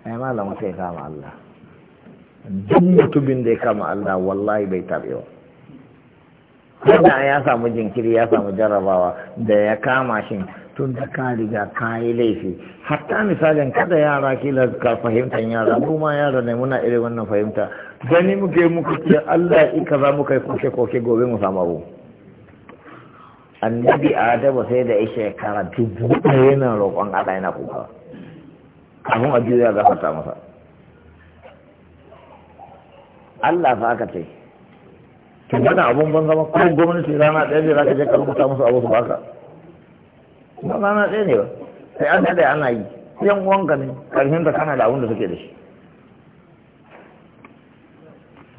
ai malamu sai kama Allah duk mutumin da ya kama Allah wallahi bai tabewa da ya samu jinkiri ya samu jarrabawa da ya kama shi tun da ka riga ka yi laifi hatta misalin kada yara kila ka fahimtar yara mu ma yara ne muna irin wannan fahimta gani muke muku ce Allah i za mu kai koke koke gobe mu samu abu annabi adamu sai da ya shekara dubu yana roƙon Allah yana kuka kafin a juya gafarta masa Allah fa aka ce to gada abun ban zama kuma gwamnati rana ɗaya ne za ka je ka rubuta musu abu su baka ba rana ɗaya ne ba sai an daɗe ana yi yan uwanka ne ƙarshen da kana da abun da suke da shi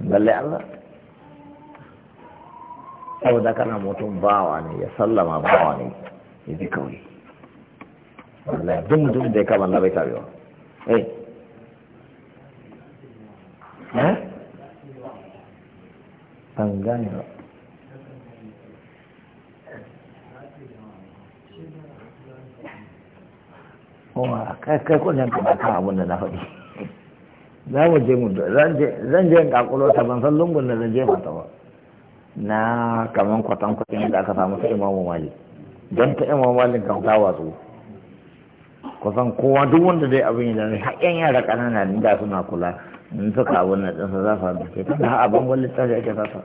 balle Allah saboda kana mutum bawa ne ya sallama bawa ne ya bi kawai wallahi duk mutum da ya kama na bai tabewa eh, eh? ban gane ba kuma kai kullum kuma kan abin da na faɗi za mu je mu zan je in kakulo ta ban san lungun da zan je mata ba na kaman kwatan kwatan da aka samu ta imamu mali don ta imamu mali kan ta watsu kusan kowa duk wanda zai abin da ne har yan yara ƙanana da suna kula in suka abin na ɗansa za su haɗu ke ta abin wani littafi ake fata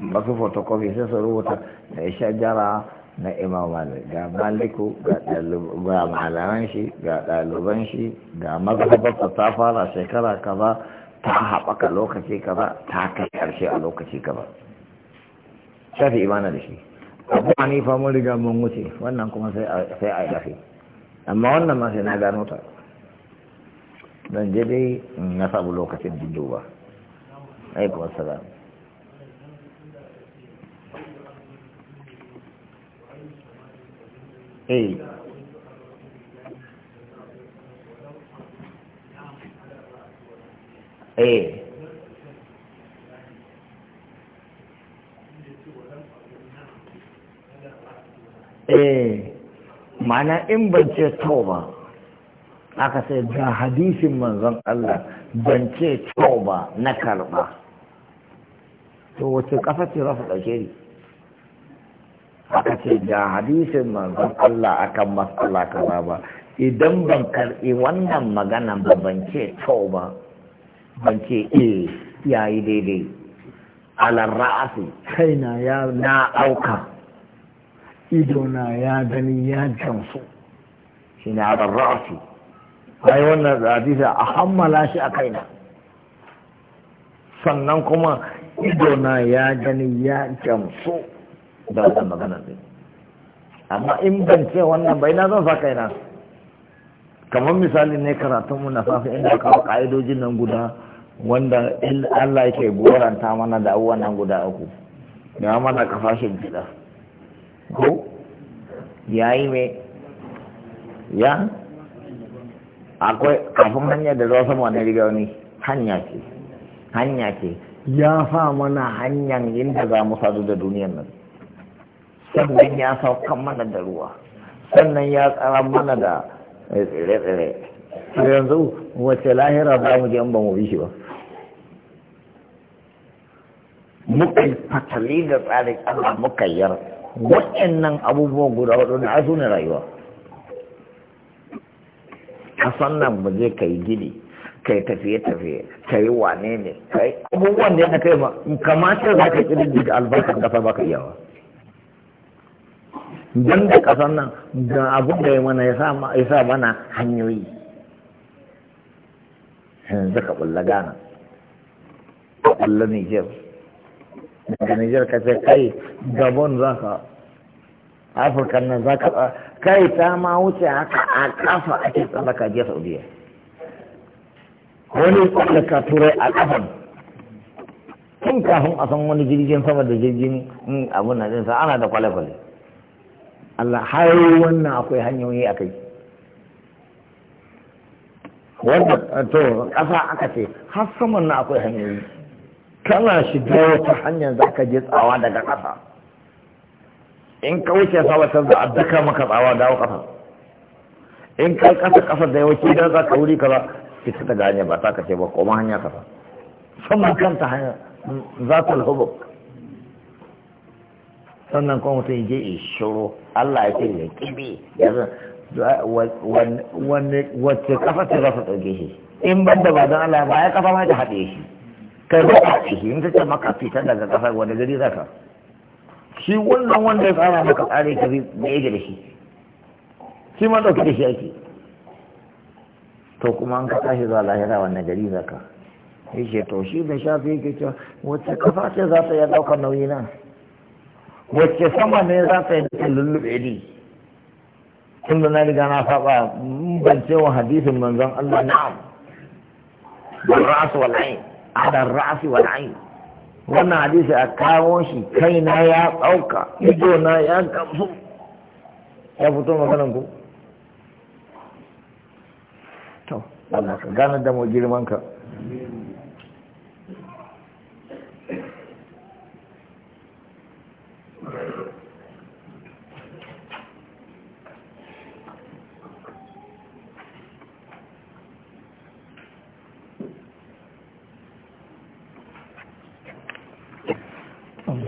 masu photocopy sai su rubuta na isha jara na imam malik ga maliku ga malaman shi ga ɗaliban shi ga mazhabarsa ta fara shekara kaza ta haɓaka lokaci kaza ta kai ƙarshe a lokaci kaza shafi imana da shi abu hanifa mun riga mun wuce wannan kuma sai a yi dafi. amma wannan ma sai na gano ta dan je na samu lokacin jin ba alaikum eh eh eh mana in ban ce ba aka sai ga hadisin manzon Allah ban ce kyau na karba to wace kafa ce za su aka ce ga hadisin manzon Allah akan matsala kaza ba idan ban karɓi wannan magana ba ban ce kyau ban ce eh yayi daidai alar ra'asi kaina ya na ɗauka idona ya gani ya jansu shi ne alar ra'asi ai wannan hadisi a hammala shi a kaina sannan kuma idona ya gani ya gamsu da wannan maganar ne amma in ban ce wannan bai na zan sa kaina kamar misali ne karatun mu na safi inda kawo ka'idojin nan guda wanda in Allah yake goranta mana da abubuwan nan guda uku da mana kafashin gida ko yayi me ya akwai kafin hanyar da zuwa sama wani riga wani hanya ce hanya ce ya fa mana hanyar inda za mu sadu da duniyar nan sannan ya saukan mana da ruwa sannan ya tsara mana da tsire-tsire yanzu wace lahira ba mu je ba mu bi shi ba muka fatali da tsarin Allah muka waɗannan abubuwan guda hudu na su ne rayuwa kasan nan ba zai ka yi gini kai tafiye-tafiye ka yi wane ne kai abubuwan da ya kai ma kamata za ka kiri daga albarkar kasa ba ka ba don da kasan nan da abun da ya mana ya sa mana hanyoyi yanzu ka bulla gana ka bulla niger daga niger ka ce kai gabon za ka afirkan nan za ka kai ta ma wuce haka a kafa ake tsallaka jiya saudiya wani tsallaka turai a kafan tun kafin a san wani jirgin sama da jirgin mm, abun nan ɗinsa ana da kwale-kwale Allah har wannan akwai hanyoyi a kai wanda to ƙasa aka ce har saman na akwai hanyoyi kana shiga wata hanyar za ka je tsawa daga ƙasa in ka wuce sama can za a daka maka tsawa dawo kasa in ka kasa kasa da yawanci idan za ka wuri kaza fita ta gane ba ta ka ce ba koma hanya kasa sama kanta hanya mm, za ta lahubu sannan kuma mutum je shiro Allah ya ce ya kibi yanzu wacce kafa ce za su ɗauke shi in ban da ba don Allah ba ya kafa ma ta haɗe shi kai ba a haɗe shi in ta ce maka fita daga kafa wani gari za ka shi wannan wanda ya fara maka tsari ka bi da ya da shi shi ma ɗauki da shi ake to kuma an ka tashi zuwa lahira wannan gari za ka ce to shi da shafi yake cewa wacce kafa ce za ta iya ɗaukar nauyi na wacce sama ne za ta yi lullube ne tun da na riga na saba ban wa hadisin manzon Allah na'am bil ra'asu wal ayn ala ra'si wal wannan hadisi a kawo shi kaina ya tsauka ido na ya gamsu ya fito maganan ku to Allah ka gane da mu girman ka